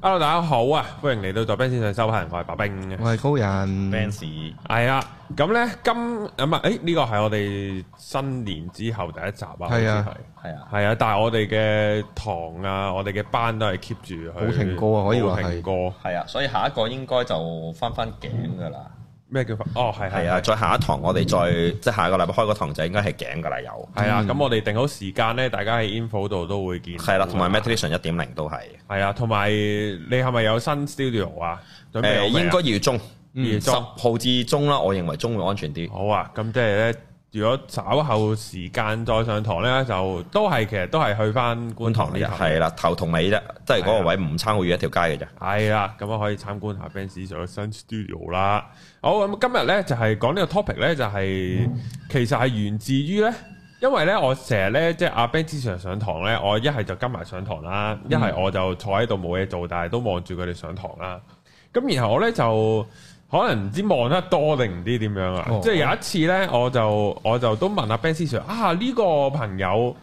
Hello，大家好啊！歡迎嚟到在 Benz 上修行，我係白兵，我係高人 Benz 係啊，咁咧今咁啊，誒呢、這個係我哋新年之後第一集啊，係啊，係啊，係啊，但係我哋嘅堂啊，我哋嘅班都係 keep 住好冇停歌啊，可以話歌，係啊，所以下一個應該就翻翻頸噶啦。嗯咩叫法？哦，係係啊！再下一堂，我哋再即係下個禮拜開個堂就應該係頸噶啦，有。係啊，咁我哋定好時間咧，嗯、大家喺 info 度都會見到。係啦，同埋 meditation 一點零都係。係啊，同埋你係咪有新 studio 啊？準備好，應該月中，月中、嗯、十號至中啦，我認為中會安全啲。好啊，咁即係咧。如果稍後時間再上堂呢，就都係其實都係去翻觀塘呢頭係啦，頭同尾啫，即係嗰個位唔差好遠一條街嘅啫。係啊，咁我、啊、可以參觀下 Ben Sir 嘅新 studio 啦。好咁、嗯、今日呢就係講呢個 topic 呢，就係、是就是、其實係源自於呢，因為呢我成日呢，即係阿 Ben Sir 上堂呢，我一係就跟埋上堂啦，一係我就坐喺度冇嘢做，但係都望住佢哋上堂啦。咁、嗯嗯、然後我呢就。可能唔知望得多定唔知點樣啊！哦、即係有一次呢，嗯、我就我就都問阿、啊、Ben、C. Sir 啊，呢、呢個朋友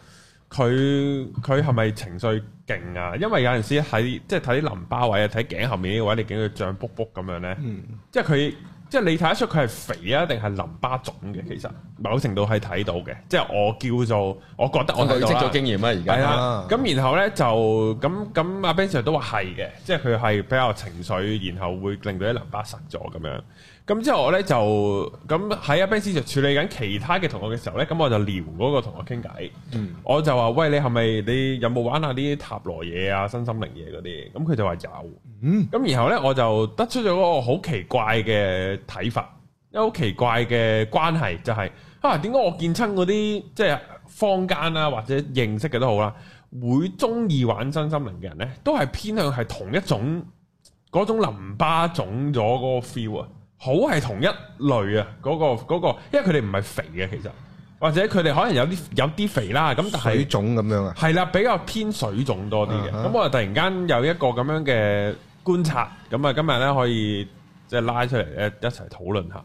佢佢係咪情緒勁啊？因為有陣時喺即係睇啲淋巴位啊，睇頸後面呢個位，你見佢脹卜卜咁樣呢，嗯、即係佢。即係你睇得出佢係肥啊，定係淋巴腫嘅？其實某程度係睇到嘅。即係我叫做，我覺得我累積咗經驗了啊。而家係啊，咁、嗯、然後咧就咁咁阿 Ben Sir 都話係嘅，即係佢係比較情緒，然後會令到啲淋巴實咗咁樣。咁之後我咧就咁喺阿 Ben Sir 處理緊其他嘅同學嘅時候咧，咁我就撩嗰個同學傾偈。嗯，我就話：喂，你係咪你有冇玩下啲塔羅嘢啊、身心靈嘢嗰啲？咁佢就話有。嗯，咁然後呢，我就得出咗嗰個好奇怪嘅睇法，好奇怪嘅關係就係、是、啊，點解我見親嗰啲即係坊間啦、啊、或者認識嘅都好啦，會中意玩身心靈嘅人呢，都係偏向係同一種嗰種淋巴腫咗嗰個 feel 啊，好係同一類啊，嗰、嗰個、嗰個、因為佢哋唔係肥嘅其實，或者佢哋可能有啲有啲肥啦，咁但係水腫咁樣啊，係啦，比較偏水腫多啲嘅，咁、啊、哈我就突然間有一個咁樣嘅觀察咁啊，今日咧可以即係拉出嚟咧一齊討論下。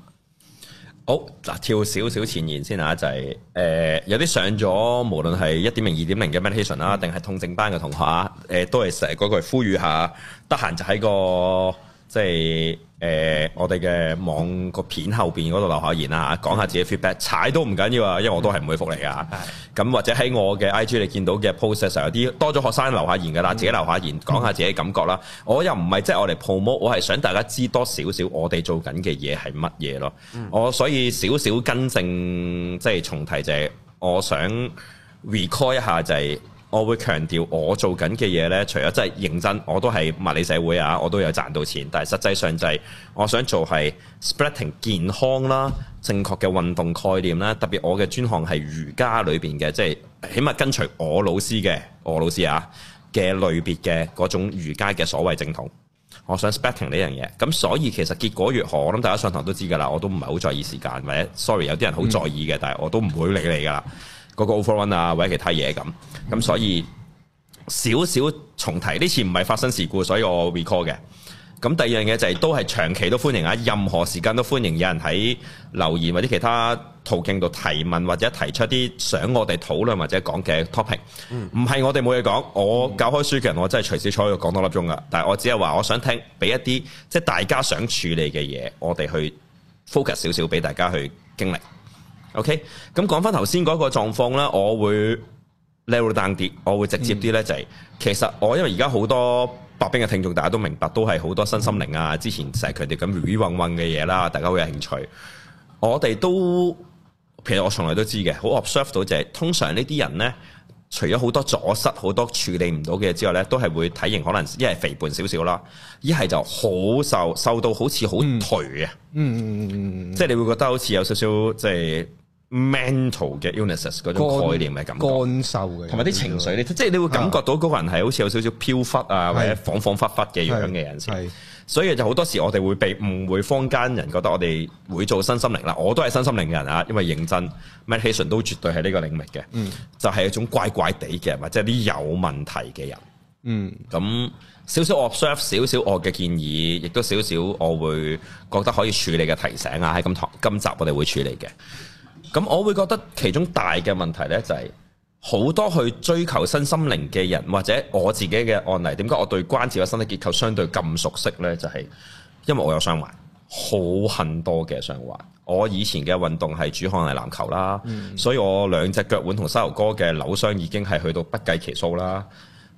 好，嗱，跳少少前言先嚇、啊，就係、是、誒、呃、有啲上咗無論係一點零、二點零嘅 meditation 啦，定係痛症班嘅同學啊，誒、呃、都係成日嗰句呼籲下，得閒就喺個。即係誒、呃，我哋嘅網個片後邊嗰度留下言啦嚇，講、啊、下自己 feedback，踩都唔緊要啊，因為我都係唔會覆你噶。咁、嗯、或者喺我嘅 IG 你見到嘅 post 上有啲多咗學生留下言噶啦，嗯、自己留下言講下自己感覺啦。嗯、我又唔係即係我嚟 promote 我係想大家知多少少我哋做緊嘅嘢係乜嘢咯。嗯、我所以少少更正，即係重提就係、是、我想 recall 一下就係、是。我會強調我做緊嘅嘢呢，除咗真係認真，我都係物理社會啊，我都有賺到錢。但係實際上就係我想做係 spreading 健康啦，正確嘅運動概念啦，特別我嘅專項係瑜伽裏邊嘅，即係起碼跟隨我老師嘅我老師啊嘅類別嘅嗰種瑜伽嘅所謂正統，我想 spreading 呢樣嘢。咁所以其實結果如何，我諗大家上堂都知㗎啦。我都唔係好在意時間，或者 sorry，有啲人好在意嘅，但係我都唔會理你㗎啦。嗰個 overrun 啊，或者其他嘢咁。咁所以少少重提呢次唔係發生事故，所以我 recall 嘅。咁第二樣嘢就係、是、都係長期都歡迎啊，任何時間都歡迎有人喺留言或者其他途徑度提問或者提出啲想我哋討論或者講嘅 topic。唔係、嗯、我哋冇嘢講，我教開書嘅人，我真係隨時坐喺度講多粒鐘噶。但係我只係話我想聽，俾一啲即係大家想處理嘅嘢，我哋去 focus 少少俾大家去經歷。OK，咁講翻頭先嗰個狀況啦，我會。level down 啲，我會直接啲咧就係、是，其實我因為而家好多白兵嘅聽眾，大家都明白，都係好多身心靈啊，之前成日佢哋咁鬱鬱鬱嘅嘢啦，大家會有興趣。我哋都其實我從來都知嘅，好 observe 到就係、是、通常呢啲人咧，除咗好多阻塞、好多處理唔到嘅之外咧，都係會體型可能一係肥胖少少啦，一係就好瘦，瘦到好似好頹啊，嗯，即係你會覺得好似有少少即係。就是 mental 嘅 illness 嗰種概念嘅感覺，乾感受嘅，同埋啲情緒，你的即係你會感覺到嗰個人係好似有少少飄忽啊，的或者恍恍惚惚嘅樣嘅人先。所以就好多時我哋會被誤會，坊間人覺得我哋會做身心靈啦。我都係身心靈嘅人啊，因為認真，meditation 都絕對係呢個領域嘅。嗯，就係一種怪怪地嘅，或者啲有問題嘅人。嗯，咁少少 observe 少少我嘅建議，亦都少少我會覺得可以處理嘅提醒啊。喺今今集我哋會處理嘅。咁我會覺得其中大嘅問題呢，就係、是、好多去追求身心靈嘅人，或者我自己嘅案例，點解我對關節嘅身體結構相對咁熟悉呢？就係、是、因為我有傷患，好很，很多嘅傷患。我以前嘅運動係主項，可能係籃球啦，嗯、所以我兩隻腳腕同膝頭哥嘅扭傷已經係去到不計其數啦。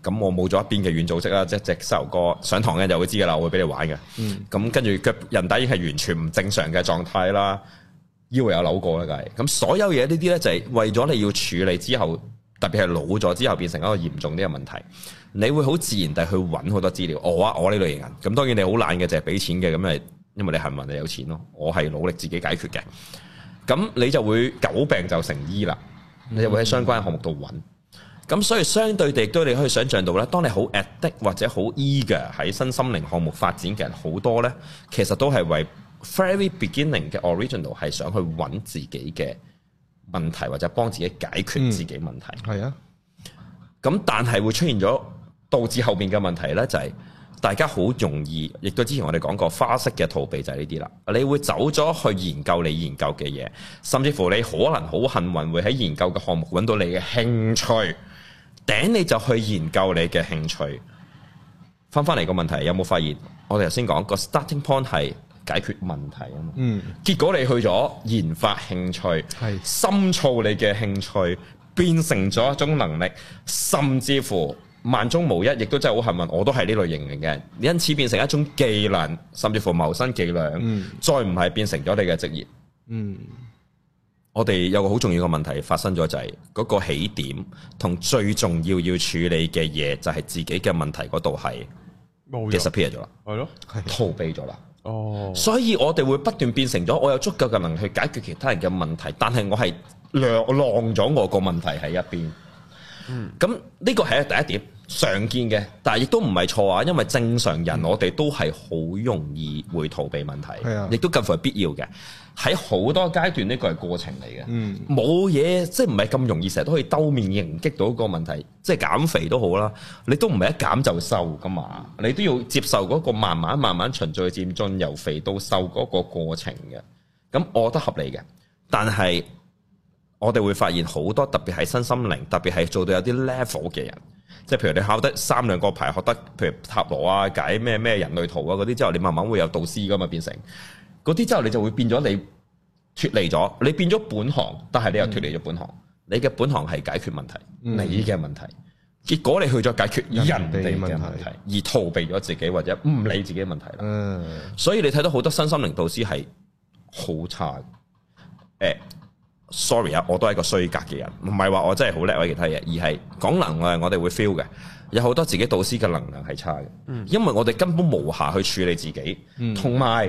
咁我冇咗一邊嘅軟組織啦，即係隻膝頭哥。上堂嘅人就會知㗎啦，我會俾你玩嘅。咁、嗯、跟住腳人底係已經完全唔正常嘅狀態啦。以為有扭過咧，梗係咁所有嘢呢啲呢，就係為咗你要處理之後，特別係老咗之後變成一個嚴重啲嘅問題，你會好自然地去揾好多資料。我啊，我呢類型人咁，當然你好懶嘅，就係俾錢嘅咁啊，因為你幸運，你有錢咯。我係努力自己解決嘅，咁你就會久病就成醫啦，你就會喺相關項目度揾。咁、嗯、所以相對地，都你可以想像到呢，當你好 at 的或者好 eager 喺身心靈項目發展嘅人好多呢，其實都係為。Very beginning 嘅 original 係想去揾自己嘅問題，或者幫自己解決自己問題，係啊，咁但係會出現咗導致後面嘅問題咧，就是，就係大家好容易，亦都之前我哋講過花式嘅逃避就係呢啲啦。你會走咗去研究你研究嘅嘢，甚至乎你可能好幸運會喺研究嘅項目揾到你嘅興趣，頂你就去研究你嘅興趣。翻翻嚟個問題，有冇發現，我哋頭先講個 starting point 係。解決問題啊嘛，結果你去咗研發興趣，係深造你嘅興趣，變成咗一種能力，甚至乎萬中無一，亦都真係好幸運，我都係呢類型嚟嘅，因此變成一種技能，甚至乎謀生技能，嗯、再唔係變成咗你嘅職業。嗯，我哋有個好重要嘅問題發生咗，就係、是、嗰個起點同最重要要處理嘅嘢，就係自己嘅問題嗰度係 disappear 咗啦用，係咯，逃避咗啦。哦，oh。所以我哋會不斷變成咗，我有足夠嘅能力去解決其他人嘅問題，但係我係晾晾咗我個問題喺一邊。嗯，咁呢個係第一點常見嘅，但係亦都唔係錯啊，因為正常人我哋都係好容易會逃避問題，亦都、mm。近乎係必要嘅。喺好多階段，呢個係過程嚟嘅，冇嘢、嗯、即係唔係咁容易，成日都可以兜面迎擊到一個問題，即係減肥都好啦，你都唔係一減就瘦噶嘛，你都要接受嗰個慢慢慢慢循序漸進，由肥到瘦嗰個過程嘅。咁我覺得合理嘅，但係我哋會發現好多特別係身心靈，特別係做到有啲 level 嘅人，即係譬如你考得三兩個牌，學得譬如塔羅啊、解咩咩人類圖啊嗰啲之後，你慢慢會有導師噶嘛，變成。嗰啲之後你就會變咗你脫離咗，你變咗本行，但係你又脫離咗本行。嗯、你嘅本行係解決問題，嗯、你嘅問題，結果你去咗解決人哋嘅問題，問題而逃避咗自己或者唔理自己嘅問題啦。嗯、所以你睇到好多身心靈導師係好差嘅。欸，Sorry 啊，Sorry, 我都係個衰格嘅人，唔係話我真係好叻或者其他嘢，而係講能量，我哋會 feel 嘅，有好多自己導師嘅能量係差嘅，嗯、因為我哋根本無暇去處理自己，同埋。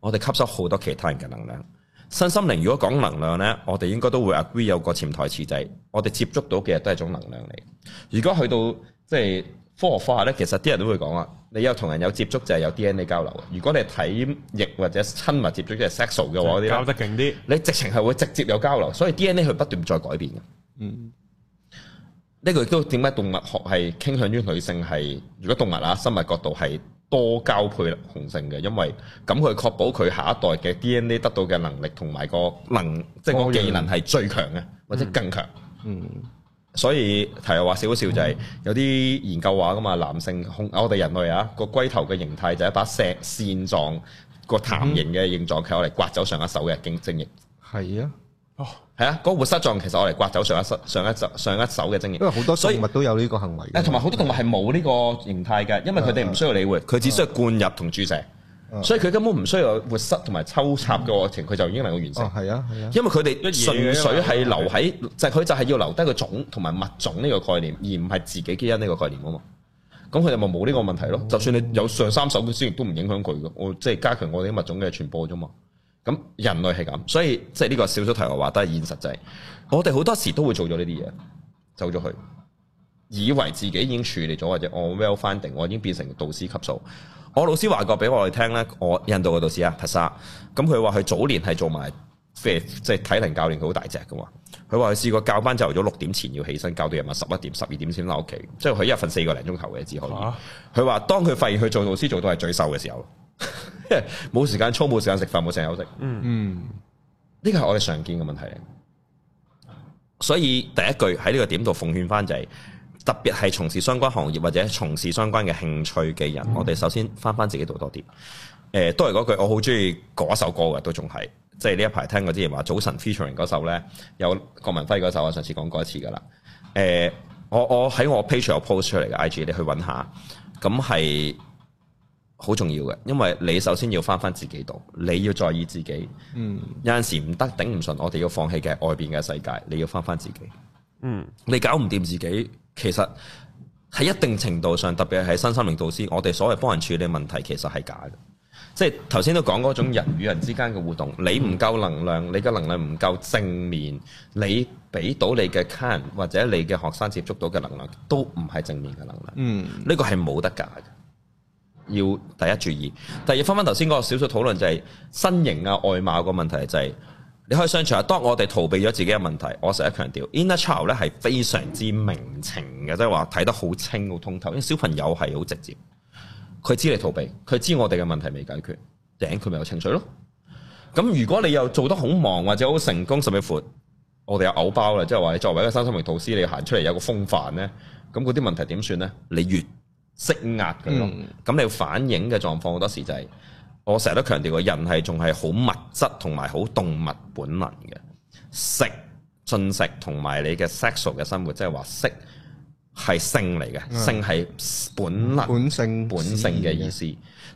我哋吸收好多其他人嘅能量，身心靈如果講能量呢，我哋應該都會 agree 有個潛台詞仔，我哋接觸到嘅都係一種能量嚟。如果去到即係科學化呢，其實啲人都會講啊，你有同人有接觸就係、是、有 DNA 交流。如果你係體液或者親密接觸即係 sexual 嘅話，交流得勁啲，你直情係會直接有交流，所以 DNA 佢不斷在改變嘅。嗯，呢個亦都點解動物學係傾向於女性係？如果動物啊，生物角度係。多交配雄性嘅，因為咁佢確保佢下一代嘅 DNA 得到嘅能力同埋個能，即係個技能係最強嘅，或者更強。嗯，所以題外話少少就係有啲研究話噶嘛，男性控我哋人類啊個龜頭嘅形態就係一把石線狀個壇形嘅形狀，靠嚟刮走上一手嘅精液。係啊。係啊，嗰、那個、活塞狀其實我嚟刮走上一上一上一手嘅精液，因為好多生物都有呢個行為。誒以，同埋好多動物係冇呢個形態嘅，因為佢哋唔需要理會，佢、啊、只需要灌入同注射，啊、所以佢根本唔需要活塞同埋抽插嘅過程，佢、嗯、就已經能夠完成。哦，啊，係啊，啊因為佢哋純粹係留喺就係、是、佢就係要留低個種同埋物種呢個概念，而唔係自己基因呢個概念啊嘛。咁佢哋咪冇呢個問題咯？啊、就算你有上三手嘅精液亦都唔影響佢嘅，我即係加強我哋啲物種嘅傳播啫嘛。咁人類係咁，所以即係呢個小組題外話都係現實制、就係。我哋好多時都會做咗呢啲嘢，走咗去，以為自己已經處理咗或者我 well funding，我已經變成導師級數。我老師話過俾我哋聽咧，我印度嘅導師啊，特沙，咁佢話佢早年係做埋 fit 即係體能教練，佢好大隻噶嘛。佢話佢試過教班，就由咗六點前要起身，教到夜晚十一點、十二點先翻屋企，即係佢一日瞓四個零鐘頭嘅只可以。佢話、啊、當佢發現佢做導師做到係最瘦嘅時候.。 冇 時間，操冇時間食飯，冇成日休息。嗯嗯，呢個係我哋常見嘅問題嚟。嗯、所以第一句喺呢個點度奉勸翻就係、是，特別係從事相關行業或者從事相關嘅興趣嘅人，嗯、我哋首先翻翻自己度多啲。誒、呃，都係嗰句，我好中意嗰首歌嘅，都仲係。即係呢一排聽過之前話早晨 featuring 嗰首咧，有郭文輝嗰首我上次講過一次噶啦。誒、呃，我我喺我 page post 出嚟嘅 IG，你去揾下。咁係。好重要嘅，因為你首先要翻返自己度，你要在意自己。嗯，有陣時唔得，頂唔順，我哋要放棄嘅外邊嘅世界，你要翻返自己。嗯，你搞唔掂自己，其實喺一定程度上，特別係身心靈導師，我哋所謂幫人處理問題其實係假嘅。即係頭先都講嗰種人與人之間嘅互動，嗯、你唔夠能量，你嘅能量唔夠正面，你俾到你嘅 client 或者你嘅學生接觸到嘅能量，都唔係正面嘅能量。嗯，呢個係冇得假要第一注意，第二翻翻頭先嗰個小組討論就係身形啊、外貌個問題就係、是、你可以相處啊。當我哋逃避咗自己嘅問題，我成日強調，inner child 咧係非常之明情嘅，即係話睇得好清好通透。因為小朋友係好直接，佢知你逃避，佢知我哋嘅問題未解決，頂佢咪有情緒咯。咁如果你又做得好忙或者好成功，甚至乎我哋有偶包啦，即係話作為一個身心靈導師，你行出嚟有個風範咧，咁嗰啲問題點算咧？你越色壓嘅咯，咁你要反映嘅狀況好多時就係、是，我成日都強調個人係仲係好物質同埋好動物本能嘅，食進食同埋你嘅 sexual 嘅生活，即係話色係性嚟嘅，嗯、性係本能本性本性嘅意思。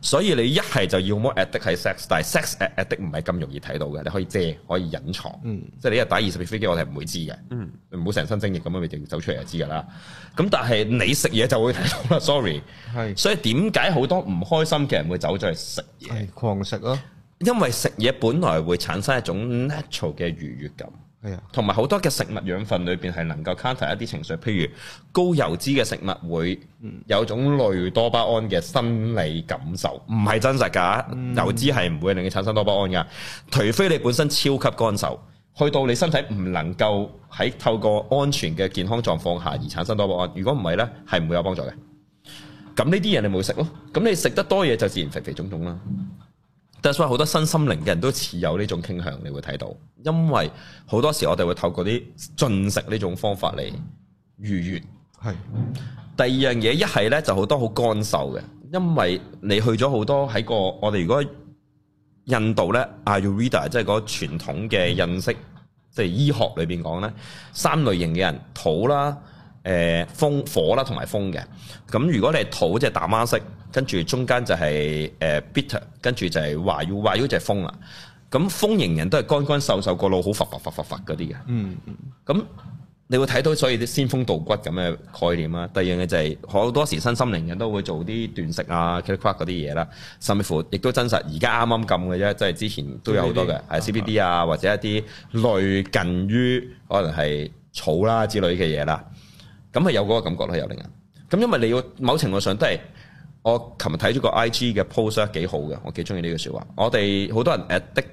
所以你一係就要麼 at 的係 sex，但係 sex at at 的唔係咁容易睇到嘅，你可以借可以隱藏，嗯、即係你一打二十片飛機我哋唔會知嘅，唔好成身精液咁樣咪就走出嚟就知噶啦。咁但係你食嘢就會睇到啦，sorry，係是。所以點解好多唔開心嘅人會走咗去食嘢？狂食咯、啊，因為食嘢本來會產生一種 natural 嘅愉悅感。同埋好多嘅食物養分裏邊係能夠 counter 一啲情緒，譬如高油脂嘅食物會有種類多巴胺嘅生理感受，唔係真實㗎。嗯、油脂係唔會令你產生多巴胺㗎，除非你本身超級乾瘦，去到你身體唔能夠喺透過安全嘅健康狀況下而產生多巴胺。如果唔係呢，係唔會有幫助嘅。咁呢啲嘢你冇食咯，咁你食得多嘢就自然肥肥腫腫啦。即係好多身心靈嘅人都持有呢種傾向，你會睇到，因為好多時我哋會透過啲進食呢種方法嚟愉悅。係是第二樣嘢，一係咧就好多好乾瘦嘅，因為你去咗好多喺個我哋如果印度咧 Ayurveda 即係嗰傳統嘅認識，即係醫學裏邊講咧，三類型嘅人土啦。誒、呃、風火啦，同埋風嘅。咁如果你係土，即係打孖式，跟住中間就係、是、誒、呃、bitter，跟住就係話要話要即係風啊。咁風型人都係乾乾瘦瘦，個腦好佛佛佛佛佛啲嘅。嗯。咁你會睇到，所以啲仙風道骨咁嘅概念啦。第二樣嘢就係好多時身心靈人都會做啲斷食啊、cut the crack 嗰啲嘢啦，甚至乎亦都真實。剛剛而家啱啱禁嘅啫，即係之前都有好多嘅，係 CBD 啊，D, 或者一啲類近於可能係草啦之類嘅嘢啦。咁係有嗰個感覺咯，有令人。咁因為你要某程度上都係，我琴日睇咗個 IG 嘅 post 幾好嘅，我幾中意呢個說話。我哋好多人 addict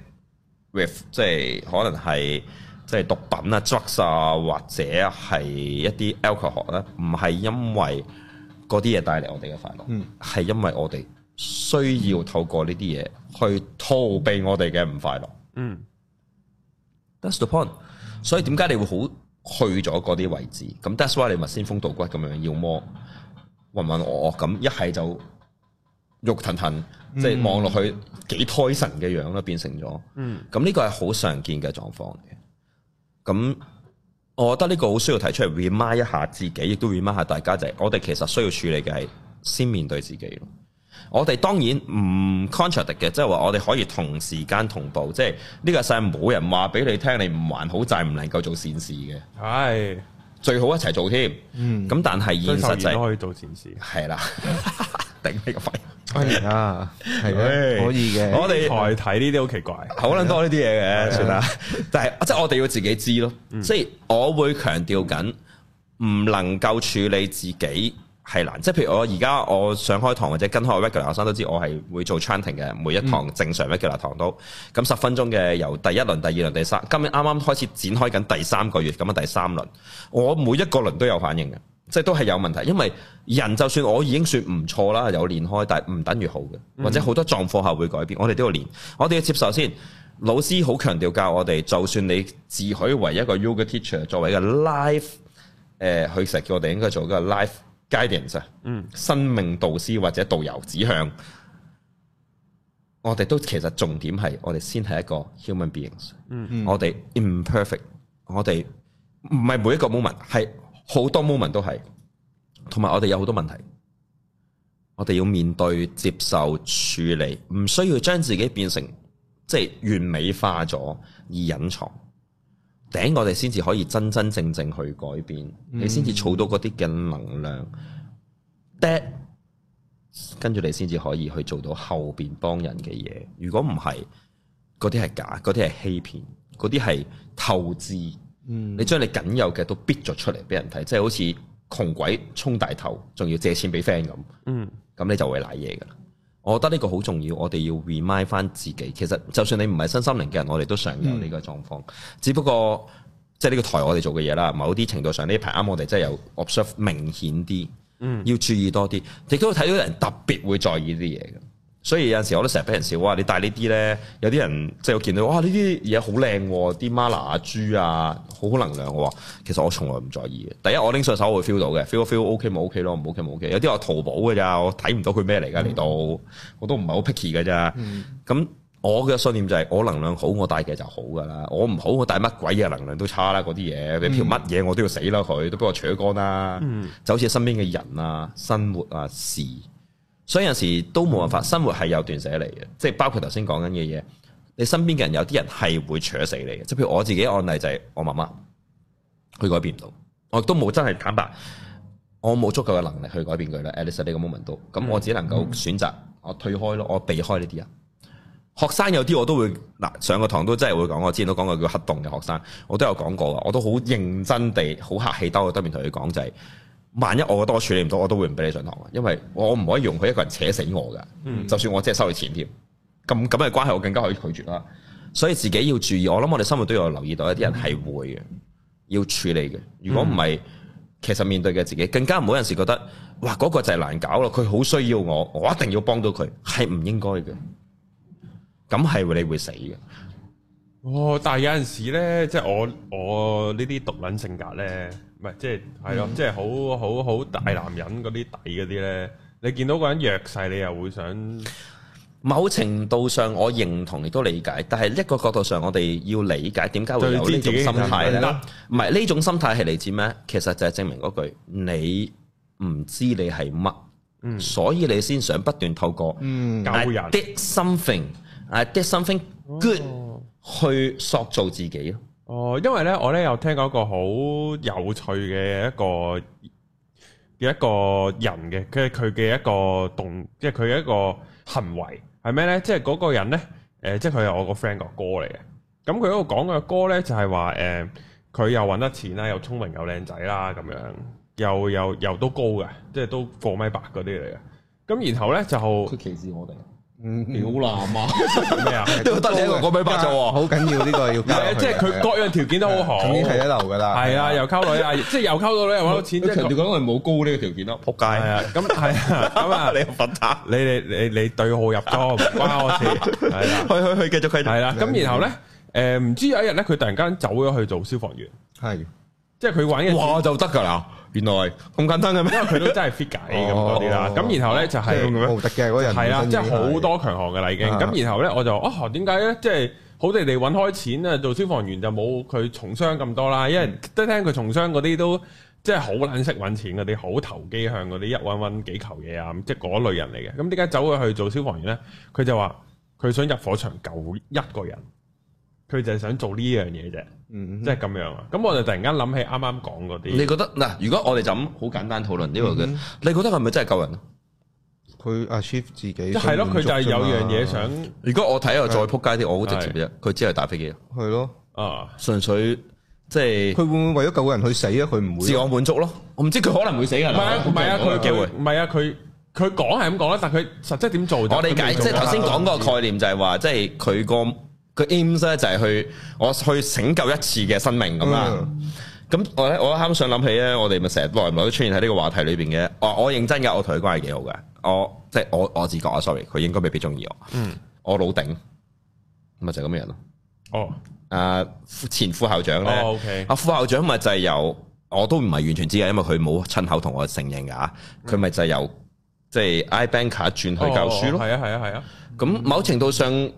with 即係可能係即係毒品啊、drugs 啊，或者係一啲 alcohol 咧，唔係因為嗰啲嘢帶嚟我哋嘅快樂，係、嗯、因為我哋需要透過呢啲嘢去逃避我哋嘅唔快樂。嗯。That's the point。所以點解你會好？去咗嗰啲位置，咁 that's why 你咪先風倒骨咁樣要摸，問問要麼渾渾噩噩咁，一係就肉騰騰，即係望落去幾胎神嘅樣啦，變成咗，咁呢個係好常見嘅狀況嘅。咁，我覺得呢個好需要提出嚟 remind 一下自己，亦都 remind 下大家就係，我哋其實需要處理嘅係先面對自己。我哋當然唔 contract 嘅，即係話我哋可以同時間同步，即係呢個世冇人話俾你聽，你唔還好債唔能夠做善事嘅。係最好一齊做添。嗯。咁但係現實就都可以做善事。係啦，頂你個肺！新年啊，係可以嘅。我哋來睇呢啲好奇怪，可能多呢啲嘢嘅算啦。但係即係我哋要自己知咯，所以我會強調緊，唔能夠處理自己。係難，即係譬如我而家我上開堂或者跟開 regular 學生都知，我係會做 chanting 嘅，每一堂、嗯、正常 regular 堂都，咁十分鐘嘅由第一輪、第二輪、第三，今日啱啱開始展開緊第三個月，咁啊第三輪，我每一個輪都有反應嘅，即係都係有問題，因為人就算我已經算唔錯啦，有練開，但係唔等於好嘅，或者好多狀況下會改變，我哋都要練，我哋要接受先。老師好強調教我哋，就算你自許為一個 yoga teacher，作為一個 life，誒、呃，佢成日叫我哋應該做一個 life。Guidance 啊，嗯，生命導師或者導遊指向我哋，都其實重點係我哋先係一個 human beings、mm。嗯嗯，我哋 imperfect，我哋唔係每一個 moment 係好多 moment 都係，同埋我哋有好多問題，我哋要面對、接受、處理，唔需要將自己變成即係、就是、完美化咗而隱藏。頂我哋先至可以真真正正去改變，嗯、你先至儲到嗰啲嘅能量，爹、嗯、跟住你先至可以去做到後邊幫人嘅嘢。如果唔係，嗰啲係假，嗰啲係欺騙，嗰啲係透支。嗯，你將你僅有嘅都逼咗出嚟俾人睇，即係好似窮鬼充大頭，仲要借錢俾 friend 咁。嗯，咁你就會賴嘢噶啦。我覺得呢個好重要，我哋要 remind 翻自己。其實就算你唔係身心靈嘅人，我哋都想有呢個狀況。嗯、只不過即係呢個台我哋做嘅嘢啦，某啲程度上呢一排啱我哋真係有 observe 明顯啲，嗯，要注意多啲。亦都睇到人特別會在意啲嘢嘅。所以有陣時我都成日俾人笑啊！你帶呢啲咧，有啲人即係、就是、我見到哇，呢啲嘢好靚喎，啲瑪拿珠啊，啊，好好能量喎。我話，其實我從來唔在意嘅。第一，我拎上手我會 feel 到嘅，feel feel OK 咪 OK 咯，唔 OK 冇 OK。有啲話淘寶嘅咋，我睇唔到佢咩嚟噶嚟到，嗯、我都唔係好 picky 嘅咋。咁、嗯、我嘅信念就係、是、我能量好，我帶嘅就好噶啦。我唔好，我帶乜鬼嘢能量都差啦。嗰啲嘢你票乜嘢，我都要死啦佢，都俾我扯乾啦。嗯、就好似身邊嘅人啊，生活啊事。所以有陣時都冇辦法，生活係有段寫嚟嘅，即係包括頭先講緊嘅嘢。你身邊嘅人有啲人係會扯死你嘅，即係譬如我自己案例就係我媽媽，佢改變唔到，我亦都冇真係坦白，我冇足夠嘅能力去改變佢啦。Alice 喺呢個 moment 度，咁我只能夠選擇我退開咯，我避開呢啲人。學生有啲我都會嗱，上個堂都真係會講，我之前都講過叫黑洞嘅學生，我都有講過，我都好認真地好客氣兜去對面同佢講就係、是。萬一我多處理唔到，我都會唔俾你上堂嘅，因為我唔可以容許一個人扯死我噶。嗯、就算我真係收你錢添，咁咁嘅關係，我更加可以拒絕啦。所以自己要注意，我諗我哋生活都有留意到一啲人係會嘅，要處理嘅。如果唔係，其實面對嘅自己更加唔好。有陣時覺得哇嗰個就係難搞咯，佢好需要我，我一定要幫到佢，係唔應該嘅。咁係你會死嘅。哦，但係有陣時咧，即係我我呢啲獨撚性格咧，唔係即係係咯，即係好好好大男人嗰啲底嗰啲咧，你見到個人弱勢，你又會想。某程度上，我認同亦都理解，但係一個角度上，我哋要理解點解會有呢種心態咧？唔係呢種心態係嚟自咩？其實就係證明嗰句，你唔知你係乜，嗯、所以你先想不斷透過搞人啲 something，啊啲、嗯嗯、something, something good。去塑造自己咯。哦，因為咧，我咧有聽過一個好有趣嘅一個嘅一個人嘅，佢佢嘅一個動，即係佢嘅一個行為係咩咧？即係嗰個人咧，誒、呃，即係佢係我個 friend 個哥嚟嘅。咁佢嗰度講嘅歌咧，就係話誒，佢、呃、又搵得錢啦，又聰明又靚仔啦，咁樣，又又又都高嘅，即係都個米八嗰啲嚟嘅。咁、嗯、然後咧就佢歧視我哋。好男啊！咩啊？都得你同講俾你聽好緊要呢個要。係即係佢各樣條件都好好，已經係一流噶啦。係啊，又溝女啊，即係又溝到女，又搵到錢，強調嗰個冇高呢個條件咯。仆街，係啊，咁係啊，咁啊，你又笨叉你你你你對號入樽，唔關我事，係啦，去去去，繼續開。係啦，咁然後咧，誒，唔知有一日咧，佢突然間走咗去做消防員，係，即係佢玩嘢，哇，就得噶啦。原來咁簡單嘅咩？因為佢都真係 fit 計咁嗰啲啦。咁、哦、然後咧就係無敵嘅嗰人，係啦，即係好多強項嘅啦已經。咁的然後咧我就，哦，點解咧？即、就、係、是、好地地搵開錢啊，做消防員就冇佢重商咁多啦。因為都聽佢重商嗰啲都即係好難識搵錢嗰啲，好投機向嗰啲，一搵搵幾球嘢啊，即係嗰類人嚟嘅。咁點解走去去做消防員咧？佢就話佢想入火場救一個人，佢就係想做呢樣嘢啫。嗯，即係咁樣啊！咁我就突然間諗起啱啱講嗰啲，你覺得嗱？如果我哋就咁好簡單討論呢個嘅，你覺得係咪真係救人？佢 achieve 自己，即係咯，佢就係有樣嘢想。如果我睇下再扑街啲，我好直接嘅。佢只係打飛機咯。係咯，啊，純粹即係。佢會唔會為咗救人去死啊？佢唔會自我滿足咯。我唔知佢可能會死噶，唔係啊，佢有機會，佢唔係啊，佢佢講係咁講啦，但係佢實質點做？我理解，即係頭先講嗰個概念就係話，即係佢個。佢 aims 咧就係去我去拯救一次嘅生命咁啦，咁、嗯、我咧我啱想諗起咧，我哋咪成日耐唔耐都出現喺呢個話題裏邊嘅，我我認真噶，我同佢關係幾好噶，我即係、就是、我我自己覺啊，sorry，佢應該未必中意我，嗯，我老頂，咪就係咁樣囉，哦，誒、啊、前副校長咧，啊、哦 okay、副校長咪就係由，我都唔係完全知啊，因為佢冇親口同我承認噶，佢咪、嗯、就係由即係 i bank 卡、er、轉去教書咯，係啊係啊係啊，咁某程度上。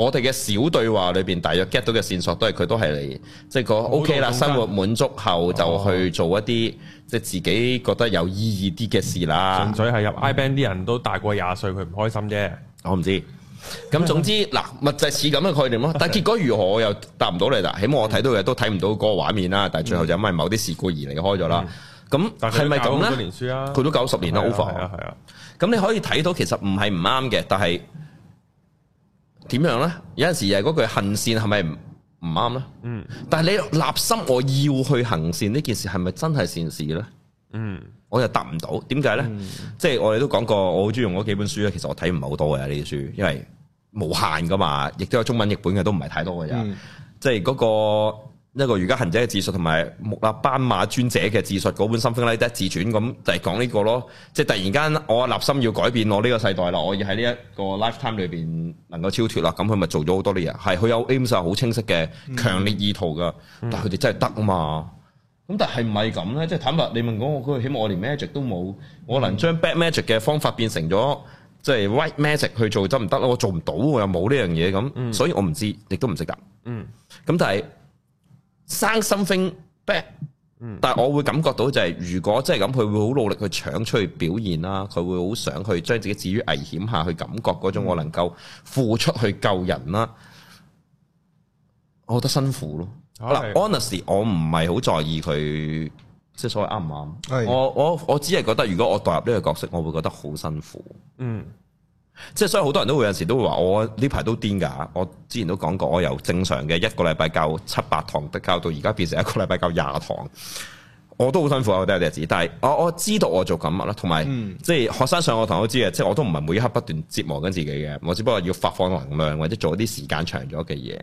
我哋嘅小對話裏邊，大約 get 到嘅線索都係佢都係嚟，即係個 OK 啦。生活滿足後就去做一啲即係自己覺得有意義啲嘅事啦。純粹係入 I band 啲人都大過廿歲，佢唔開心啫。我唔知。咁總之嗱，咪就似咁嘅概念咯。但係結果如何我又答唔到你啦。起碼我睇到嘅都睇唔到嗰個畫面啦。但係最後就因為某啲事故而離開咗啦。咁係咪咁咧？佢都教十年啦，佢 Over 啊，係啊。咁你可以睇到其實唔係唔啱嘅，但係。點樣咧？有陣時又係嗰句行善係咪唔唔啱咧？嗯，但係你立心我要去行善呢件事係咪真係善事咧？嗯，我就，嗯我又答唔到。點解咧？即係我哋都講過，我好中意用嗰幾本書咧。其實我睇唔係好多嘅呢啲書，因為無限噶嘛，亦都有中文譯本嘅都唔係太多嘅。嗯、即係嗰、嗰個。一個瑜伽行者嘅自述同埋木納斑馬尊者嘅自述嗰本《心飛拉德自傳》咁就係講呢個咯，即係突然間我立心要改變我呢個世代啦，我要喺呢一個 lifetime 裏邊能夠超脱啦，咁佢咪做咗好多啲嘢？係佢有 aims 係好清晰嘅，強烈意圖噶，嗯、但佢哋真係得嘛？咁、嗯、但係唔係咁咧，即係坦白你問我，我起碼我連 magic 都冇，嗯、我能將 bad magic 嘅方法變成咗即係 white magic 去做得唔得咯？我做唔到，我又冇呢樣嘢咁，嗯、所以我唔知，亦都唔識答。嗯，咁但係。生 something bad，但係我會感覺到就係如果即係咁，佢會好努力去搶出去表現啦，佢會好想去將自己置於危險下，去感覺嗰種我能夠付出去救人啦，嗯、我覺得辛苦咯。honest、啊、我唔係好在意佢即係所謂啱唔啱，我我我只係覺得如果我代入呢個角色，我會覺得好辛苦。嗯。即係所以好多人都會有陣時都會話我呢排都癲噶我之前都講過，我由正常嘅一個禮拜教七八堂教到而家變成一個禮拜教廿堂，我都好辛苦啊，我哋有日子。但係我我知道我做緊乜啦，同埋即係學生上我堂都知啊，即係我都唔係每一刻不斷折磨緊自己嘅，我只不過要發放能量或者做一啲時間長咗嘅嘢，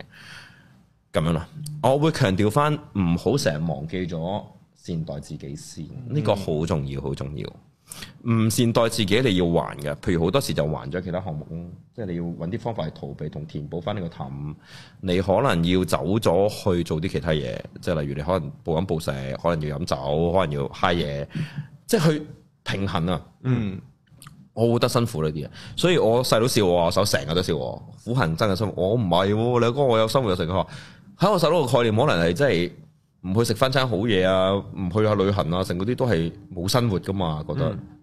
咁樣咯。我會強調翻唔好成日忘記咗善待自己先，呢個好重要，好重要。唔善待自己，你要還嘅。譬如好多時就還咗其他項目咯，即係你要揾啲方法去逃避同填補翻呢個凼。你可能要走咗去做啲其他嘢，即係例如你可能暴飲暴食，可能要飲酒，可能要嗨嘢，即係去平衡啊。嗯，我好得辛苦呢啲啊。所以我細佬笑我，我手成日都笑我，苦行真係辛苦。我唔係喎，你阿哥我有生活有食嘅。喺我細佬個概念，可能係真係。唔去食翻餐好嘢啊！唔去下旅行啊！成嗰啲都係冇生活噶嘛，覺得。嗯。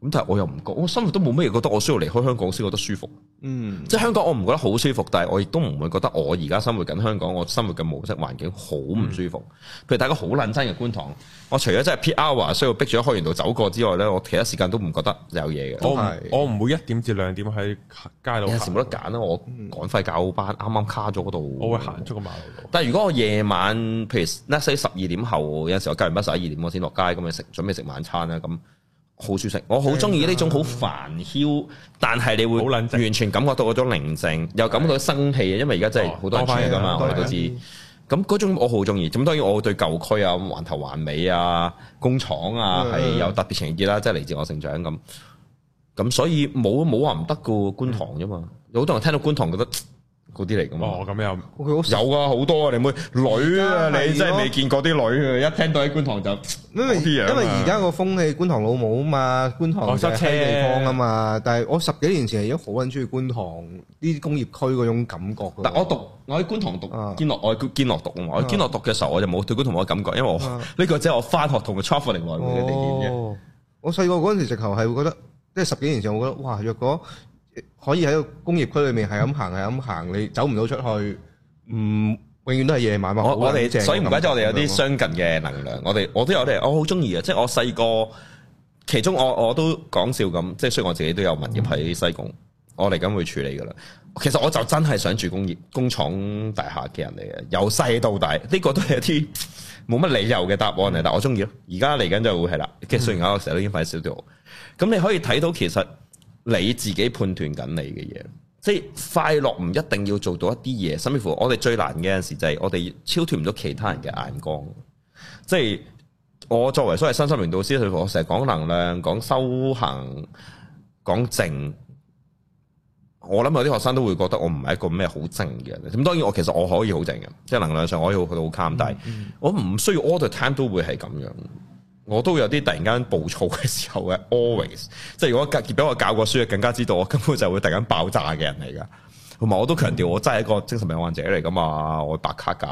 咁但係我又唔覺，我生活都冇咩嘢覺得我需要離開香港先覺得舒服。嗯，即係香港我唔覺得好舒服，但係我亦都唔會覺得我而家生活緊香港，我生活嘅模式環境好唔舒服。嗯、譬如大家好撚憎嘅觀塘，嗯、我除咗真係 PR 話需要逼住喺開源道走過之外咧，我其他時間都唔覺得有嘢嘅、嗯是。我我唔會一點至兩點喺街度。是有時冇得揀啦，我趕快搞班，啱啱、嗯、卡咗嗰度。我會行出個馬路度。但係如果我夜晚譬如 last day 十二點後，有陣時我隔完班十二點我先落街咁樣食，準備食晚餐啦咁。好舒適，我好中意呢種好煩囂，但係你會完全感覺到嗰種寧靜，靜又感覺到生氣啊！因為而家真係好多嘢噶嘛，我哋、哦、都知，咁嗰的種我好中意。咁當然我對舊區啊、環頭環尾啊、工廠啊係有特別情結啦，即係嚟自我成長咁。咁所以冇冇話唔得噶，觀塘啫嘛。有好多人聽到觀塘覺得。嗰啲嚟噶嘛？哦，咁樣有，有，有啊，好多啊！你妹女啊，的你真係未見過啲女啊！一聽到喺觀塘就，因為因為而家個風氣觀塘老母啊嘛，觀塘係閪地方啊嘛。但係我十幾年前係好撚中意觀塘啲工業區嗰種感覺。但我讀我喺觀塘讀堅樂我堅樂讀，啊、堅我堅樂讀嘅、啊、時候我就冇對觀塘冇感覺，因為我呢、啊這個即係我返學同佢 travel 嚟來回嘅、哦、我細個嗰陣時直頭係會覺得，即係十幾年前我覺得哇，若果。可以喺個工業區裏面係咁行，係咁行，你走唔到出去，唔、嗯、永遠都係夜晚嘛。我我哋所以唔怪得，我哋有啲相近嘅能量。我哋我都有啲，嗯、我好中意啊！即係我細個，其中我我都講笑咁，即係雖然我自己都有物業喺西貢，嗯、我嚟緊會處理噶啦。其實我就真係想住工業工廠大廈嘅人嚟嘅，由細到大呢、這個都係一啲冇乜理由嘅答案嚟，嗯、但我中意咯。而家嚟緊就會係啦，其實雖然我成日都已經快少少，咁你可以睇到其實。你自己判斷緊你嘅嘢，即係快樂唔一定要做到一啲嘢，甚至乎我哋最難嘅時就係我哋超脫唔到其他人嘅眼光。即係我作為所謂新心靈導師，我成日講能量、講修行、講靜。我諗有啲學生都會覺得我唔係一個咩好靜嘅，咁當然我其實我可以好靜嘅，即係能量上我可以去到好 c，但係我唔需要 all the time 都會係咁樣。我都有啲突然間暴躁嘅時候嘅，always，即係如果隔吉，比我教過書嘅更加知道，我根本就係會突然間爆炸嘅人嚟噶。同埋我都強調，我真係一個精神病患者嚟噶嘛，我會白卡噶，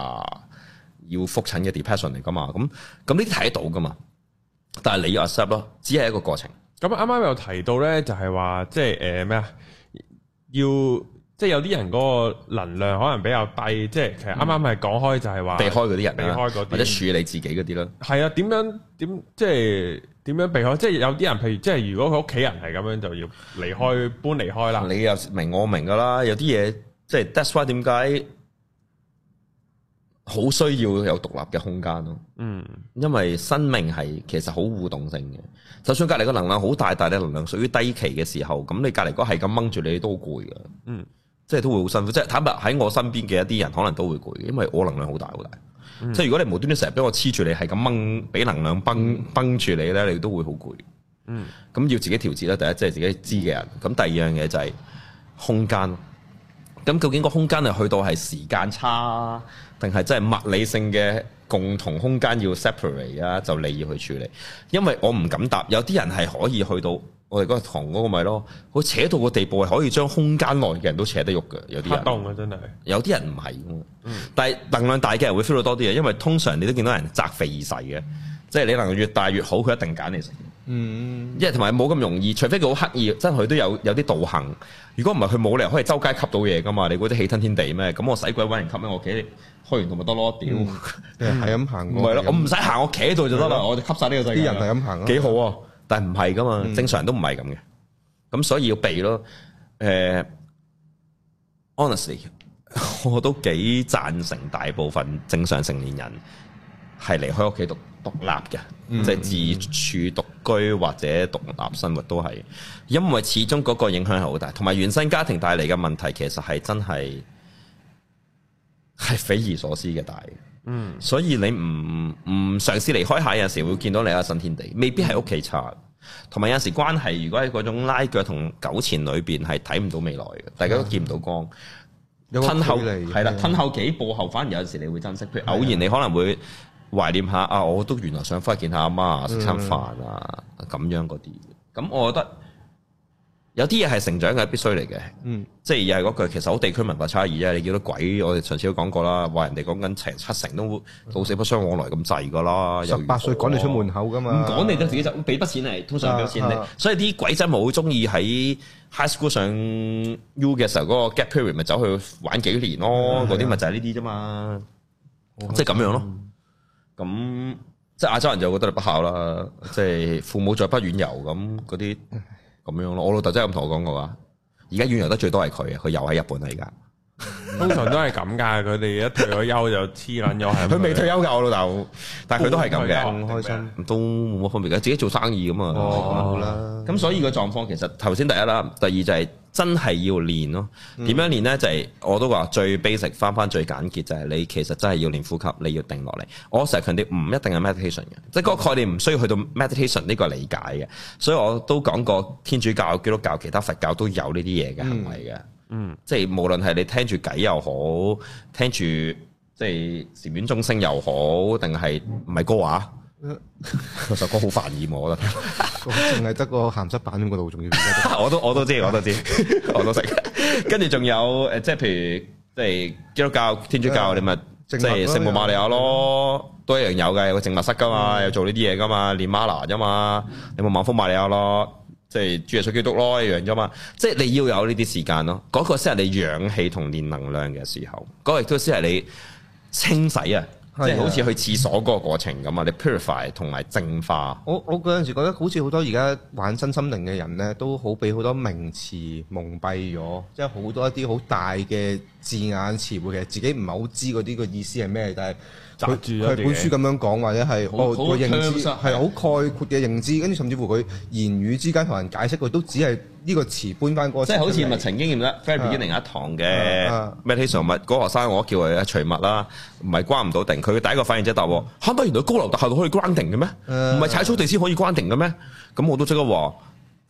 要覆診嘅 depression 嚟噶嘛。咁咁呢啲睇得到噶嘛？但係你要 accept 咯，只係一個過程。咁啱啱又提到咧，就係話即係誒咩啊？要。即係有啲人嗰個能量可能比較低，即係其實啱啱係講開就係話避開嗰啲人，避開嗰啲或者處理自己嗰啲咯。係啊，點樣點即係點樣避開？即係有啲人，譬如即係如果佢屋企人係咁樣，就要離開搬離開啦。你又明我明噶啦，有啲嘢即係，that's why 點解好需要有獨立嘅空間咯。嗯，因為生命係其實好互動性嘅，就算隔籬個能量好大，但係能量屬於低期嘅時候，咁你隔籬嗰係咁掹住你都攰噶。嗯。即係都會好辛苦，即係坦白喺我身邊嘅一啲人，可能都會攰，因為我能量好大好大。嗯，即係如果你無端端成日俾我黐住你，係咁掹俾能量崩崩住你咧，你都會好攰。嗯，咁要自己調節啦。第一，即係自己知嘅人。咁第二樣嘢就係空間。咁究竟個空間係去到係時間差，定係真係物理性嘅共同空間要 separate 啊？就你要去處理，因為我唔敢答。有啲人係可以去到。我哋嗰個堂嗰個咪咯，佢扯到個地步，係可以將空間內嘅人都扯得喐嘅。有啲人黑洞啊，真係有啲人唔係。但係能量大嘅人會 feel 到多啲嘢，因為通常你都見到人擇肥而噬嘅，即係你能量越大越好，佢一定揀你食。因為同埋冇咁容易，除非佢好刻意，真係佢都有有啲道行。如果唔係，佢冇理由，可以周街吸到嘢噶嘛？你估啲氣吞天地咩？咁我使鬼揾人吸咩？我企開完同咪得咯，屌係咁行。唔係咯，我唔使行，我企喺度就得啦，我哋吸晒呢個。啲人係咁行，幾好啊！但唔係噶嘛，嗯、正常人都唔係咁嘅，咁所以要避咯。誒、呃，honestly，我都幾贊成大部分正常成年人係離開屋企獨獨立嘅，即係、嗯、自處獨居或者獨立生活都係，因為始終嗰個影響係好大，同埋原生家庭帶嚟嘅問題其實係真係係匪夷所思嘅大。嗯，所以你唔唔嘗試離開下，有時會見到你一個新天地，未必係屋企差。同埋有，有時關係，如果喺嗰種拉腳同糾纏裏邊，係睇唔到未來嘅，大家都見唔到光。嗯、褪後係啦，褪後幾步後，反而有陣時你會珍惜。譬如偶然，你可能會懷念下、嗯、啊，我都原來想翻去見下阿媽食餐飯啊，咁、嗯啊、樣嗰啲。咁我覺得。有啲嘢係成長嘅必須嚟嘅，嗯，即係又係嗰句，其實好地區文化差異啫。你見到鬼，我哋上次都講過啦，話人哋講緊成七成都老死不相往來咁滯噶啦，十八歲趕你出門口噶嘛，唔趕你得自己就俾筆錢嚟，通常幾多錢？所以啲鬼真係好中意喺 high school 上 U 嘅時候，嗰個 gap period 咪走去玩幾年咯，嗰啲咪就係呢啲啫嘛，即係咁樣咯。咁即係亞洲人就覺得你不孝啦，即係父母在不遠遊咁嗰啲。那那 咁樣咯，我老豆真係咁同我講過啊！而家遠遊得最多係佢啊，佢又喺日本啦，而家。嗯、 通常都係咁㗎，佢哋一退咗休就黐撚咗係。佢未 退休㗎，我老豆，但係佢都係咁嘅。開心都冇乜分別嘅，自己做生意咁嘛。好啦。咁所以個狀況其實頭先第一啦，第二就係、係。真係要練咯，點樣練呢？就係、是、我都話最 basic，翻翻最簡潔就係你其實真係要練呼吸，你要定落嚟。我成日強調唔一定係 meditation 嘅，即、就、係、是、個概念唔需要去到 meditation 呢個理解嘅。所以我都講過，天主教、基督教、其他佛教都有呢啲嘢嘅行為嘅。嗯，即係無論係你聽住偈又好，聽住即係禪院鐘聲又好，定係唔係歌啊？嗰首歌好煩厭，我覺得。淨 係得個鹹濕版，喺嗰度好重要。我都我都知，我都知，我都識。都 跟住仲有誒，即係譬如即係基督教、天主教，嗯、你咪即係聖母瑪利亞咯，都有一樣有嘅，有個靜物室噶嘛，嗯、有做呢啲嘢噶嘛，練瑪拿啫嘛，你咪萬福瑪利亞咯，即係主耶穌基督咯，一樣啫嘛。即、就、係、是、你要有呢啲時間咯，嗰、那個先係你養氣同練能量嘅時候，嗰、那個亦都先係你清洗啊。即係好似去廁所嗰個過程咁啊，你 purify 同埋淨化。我我嗰陣時覺得好似好多而家玩身心靈嘅人咧，都好俾好多名詞蒙蔽咗，即係好多一啲好大嘅字眼詞彙，其實自己唔係好知嗰啲個意思係咩。但係佢佢本書咁樣講，或者係哦佢認知係好概括嘅認知，跟住的甚至乎佢言語之間同人解釋佢都只係。呢個詞搬翻過即係好似物陳經驗啦。February 零一堂嘅 Matthew 物嗰個學生，我叫佢啊徐物啦，唔係關唔到定。佢第一個反應就係答，嚇，原來高樓大廈都可以 grounding 嘅咩？唔係踩草地先可以 grounding 嘅咩？咁我都即刻話，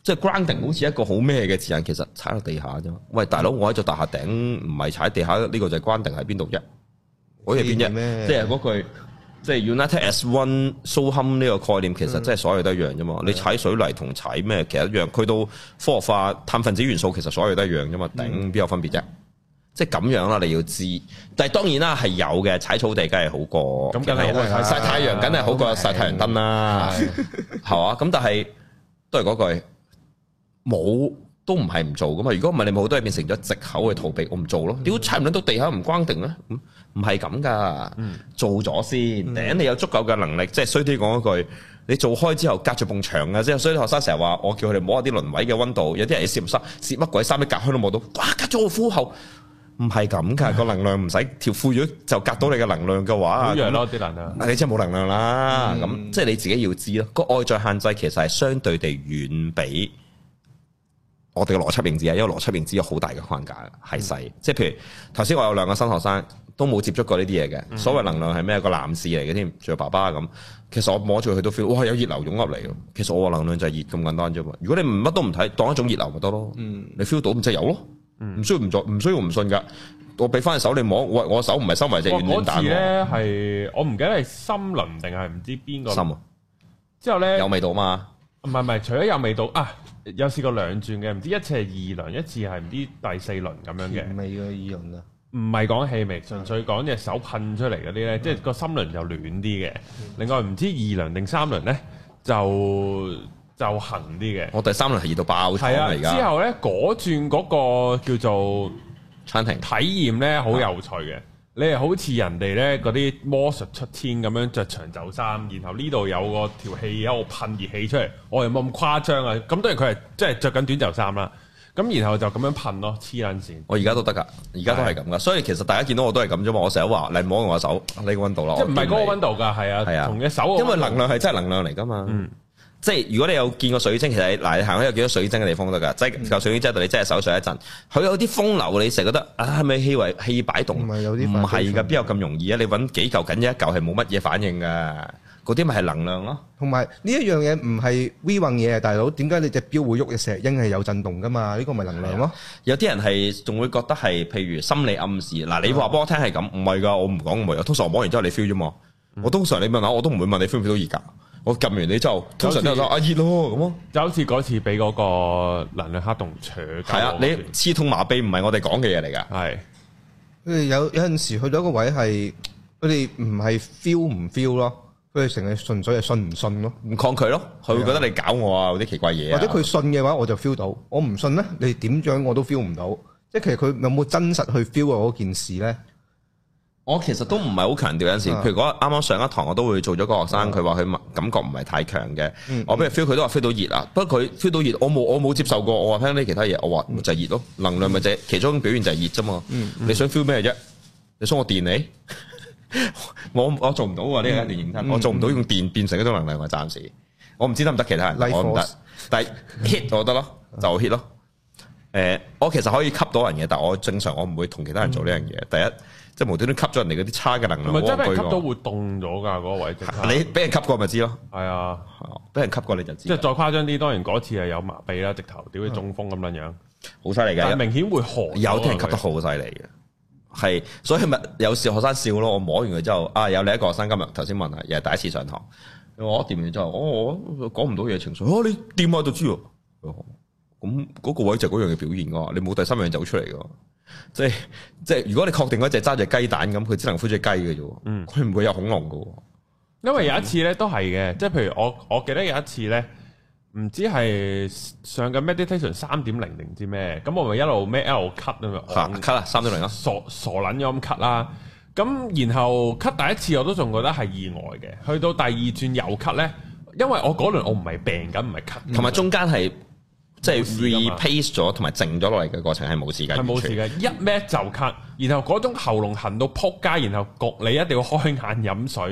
即係 grounding 好似一個好咩嘅字眼，其實踩到地下啫。喂，大佬，嗯、我喺座大廈頂，唔係踩地下，呢個就係 grounding 喺邊度啫？嗰嘢邊啫？即係嗰句。即係 United Soham 呢個概念其，嗯，其實即係所有都一樣啫嘛。你踩水泥同踩咩其實一樣，佢都科學化碳分子元素，其實所有都一樣啫嘛。頂邊有分別啫？即係咁樣啦，你要知。但係當然啦，係有嘅。踩草地梗係好過，咁梗係係曬太陽，梗係好過晒太陽燈啦。係嘛？咁的 但係都係嗰句冇。都唔係唔做噶嘛，如果唔係你冇都係變成咗借口去逃避，我唔做咯。屌踩唔到到地下唔關定呢，唔係咁噶，做咗先，等你有足夠嘅能力。即係衰啲講一句，你做開之後隔住埲牆啊，即係所以啲學生成日話我叫佢哋摸一啲輪位嘅溫度，有啲人攝唔攝，攝乜鬼衫一隔開都摸到，哇隔咗個負號，唔係咁噶，個能量唔使條褲咗就隔到你嘅能量嘅話，冇樣咯啲能量啊，你真係冇能量啦。咁即係你自己要知咯，個外在限制其實係相對地遠比。我哋嘅邏輯認知啊，因為邏輯認知有好大嘅框架，係細。即係、嗯、譬如頭先，我有兩個新學生都冇接觸過呢啲嘢嘅。所謂能量係咩？個男士嚟嘅添，仲有爸爸咁。其實我摸住佢都 feel，哇有熱流湧入嚟咯。其實我嘅能量就係熱咁簡單啫嘛。如果你唔乜都唔睇，當一種熱流咪得咯。嗯、你 feel 到即係有咯，唔需要唔做，唔需要唔信噶。我俾翻隻手你摸，我、哦嗯，我手唔係收埋，就遠遠大。我咧係我唔記得係森林定係唔知邊個。心啊、之後咧有味道嘛？唔係唔係，除咗有味道啊！有試過兩轉嘅，唔知一次係二輪，一次係唔知第四輪咁樣嘅。味嘅二輪啊，唔係講氣味，的純粹講隻手噴出嚟嗰啲咧，的即係個心輪就暖啲嘅。另外唔知二輪定三輪咧，就就行啲嘅。我、哦、第三輪係熱到爆湯啊！而家的在之後咧，嗰轉嗰個叫做餐廳體驗咧，好有趣嘅。你係好似人哋咧嗰啲魔術出天咁樣着長袖衫，然後呢度有個條氣喺度噴熱氣出嚟，我又冇咁誇張啊！咁當然佢係即係着緊短袖衫啦，咁然後就咁樣噴咯，黐撚線。我而家都得噶，而家都係咁噶，是的 所以其實大家見到我都係咁啫嘛。我成日話，你唔好用我手，呢個温度咯，即唔係嗰個温度噶，係啊，係啊，同隻手，因為能量係真係能量嚟噶嘛。嗯即係如果你有見過水晶，其實嗱你行開有幾多水晶嘅地方得㗎，即係嚿水晶嗰度你真係手上一陣，佢有啲風流，你成日覺得啊係咪氣位氣擺動啊？有啲唔係㗎，邊有咁容易啊？你揾幾嚿緊啫，一嚿係冇乜嘢反應㗎，嗰啲咪係能量咯。同埋呢一樣嘢唔係 V 運嘢啊，大佬，點解你隻表會喐嘅？石英係有震動㗎嘛？呢個咪能量咯。有啲人係仲會覺得係譬如心理暗示嗱，你話俾我聽係咁，唔係㗎，我唔講唔會有。通常我摸完之後你 feel 啫嘛，我通常你問我我都唔會問你 feel 唔 feel 到熱㗎。我撳完你就，通常都係話啊熱咯。咁就好似嗰次俾嗰個能量黑洞扯。係啊，你刺痛麻痹唔係我哋講嘅嘢嚟噶，係。佢有有陣時去咗一個位係，佢哋唔係 feel 唔 feel 咯，佢哋成日純粹係信唔信咯，唔抗拒咯，佢會覺得你搞我啊，嗰啲奇怪嘢，或者佢信嘅話，我就 feel 到；我唔信咧，你點樣我都 feel 唔到。即係其實佢有冇真實去 feel 啊嗰件事咧？我其實都唔係好強調，有陣時，譬如講啱啱上一堂，我都會做咗個學生，佢話佢感感覺唔係太強嘅。我俾佢 feel，佢都話 feel 到熱啊。不過佢 feel 到熱，我冇我冇接受過。我話聽啲其他嘢，我話就係熱咯，能量咪就係其中表現就係熱啫嘛。你想 feel 咩啫？你想我電你？我我做唔到啊！呢樣電認真，我做唔到用電變成一種能量。我暫時我唔知得唔得其他人，我唔得，但係 hit 我得咯，就 hit 咯。誒，我其實可以吸到人嘅，但我正常我唔會同其他人做呢樣嘢。第一。即係無端端吸咗人哋嗰啲差嘅能量，唔係真係吸到會凍咗㗎嗰位置。你俾人吸過咪知咯？係啊，俾、啊、人吸過你就知。即係再誇張啲，當然嗰次係有麻痹啦，直頭屌你中風咁樣樣，好犀利嘅。但明顯會寒，有啲人吸得好犀利嘅，係所以咪有時學生笑咯。我摸完佢之後，啊有另一個學生今日頭先問啊，又係第一次上堂，我掂完之後，哦，我講唔到嘢，情緒哦、啊，你掂我就知喎。咁、啊、嗰、嗯嗰個位就嗰樣嘅表現㗎，你冇第三樣走出嚟㗎。即係即係，如果你確定嗰隻揸住雞蛋咁，佢只能孵隻雞嘅啫，佢唔、嗯、會有恐龍噶。因為有一次咧都係嘅，即係、嗯、譬如我我記得有一次咧，唔知係上緊 meditation 三點零定唔知咩，咁我咪一路咩 L cut 啊，吓 cut 啦三點零啦，傻傻卵咁 cut 啦，咁然後 cut 第一次我都仲覺得係意外嘅，去到第二轉又 cut 咧，因為我嗰輪我唔係病緊，唔係 cut，同埋中間係。即係 replace 咗同埋靜咗落嚟嘅過程係冇事嘅，係冇事嘅。全一咩就咳，然後嗰種喉嚨痕到撲街，然後焗你一定要開眼飲水，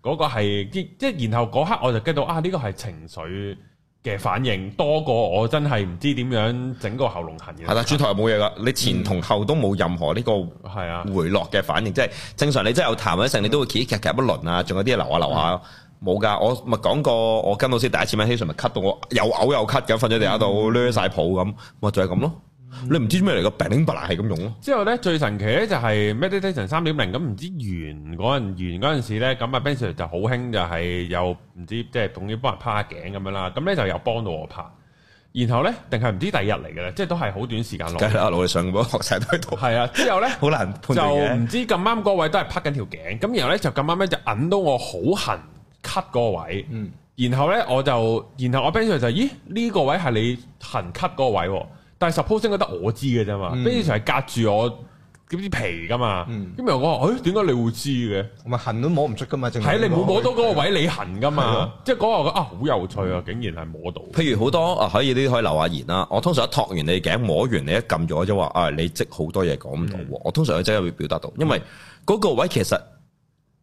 嗰、那個係即即係然後嗰刻我就知道啊呢、這個係情緒嘅反應多過我真係唔知點樣整個喉嚨痕嘅。係啦、嗯，轉台冇嘢噶，你前同後都冇任何呢個係啊回落嘅反應，即係正常你真係有痰一陣，你都會劇劇一輪啊，仲有啲留下留下。嗯冇噶，我咪講過，我跟老師第一次咪希純咪咳到我又嘔又咳咁，瞓咗地下度，掠晒抱咁，咪就係咁咯。你唔知咩嚟個病，零八係咁樣用。之後咧最神奇咧就係 Meditation 三點零咁、那個，唔知完嗰陣完嗰陣時咧，咁阿 Benjamin 就好興就係又唔知即係總之幫人拍下頸咁樣啦。咁咧就又幫到我拍。然後咧定係唔知第二日嚟嘅咧，即係都係好短時間落。係啦，落嚟上嗰個學喺度。係啊，之後咧好難判斷就唔、啊、知咁啱嗰位都係拍緊條頸，咁然後咧就咁啱咧就揞到我好痕。cut 嗰個位，然後咧我就，然後我 Benjamin 就咦呢、這個位係你痕 cut 嗰個位，但係 supposing 覺得我知嘅啫嘛 Benjamin 係隔住我點知皮噶嘛，咁又我話，誒點解你會知嘅？我咪痕都摸唔出噶嘛，正係你冇摸到嗰個位你痕噶嘛，的的即係講話啊好有趣啊，嗯、竟然係摸到。譬如好多啊，可以啲可以留下言啦。我通常一托完你嘅頸，摸完你一撳咗就話，啊、哎、你即好多嘢講唔到，我通常喺真係會表達到，因為嗰個位其實。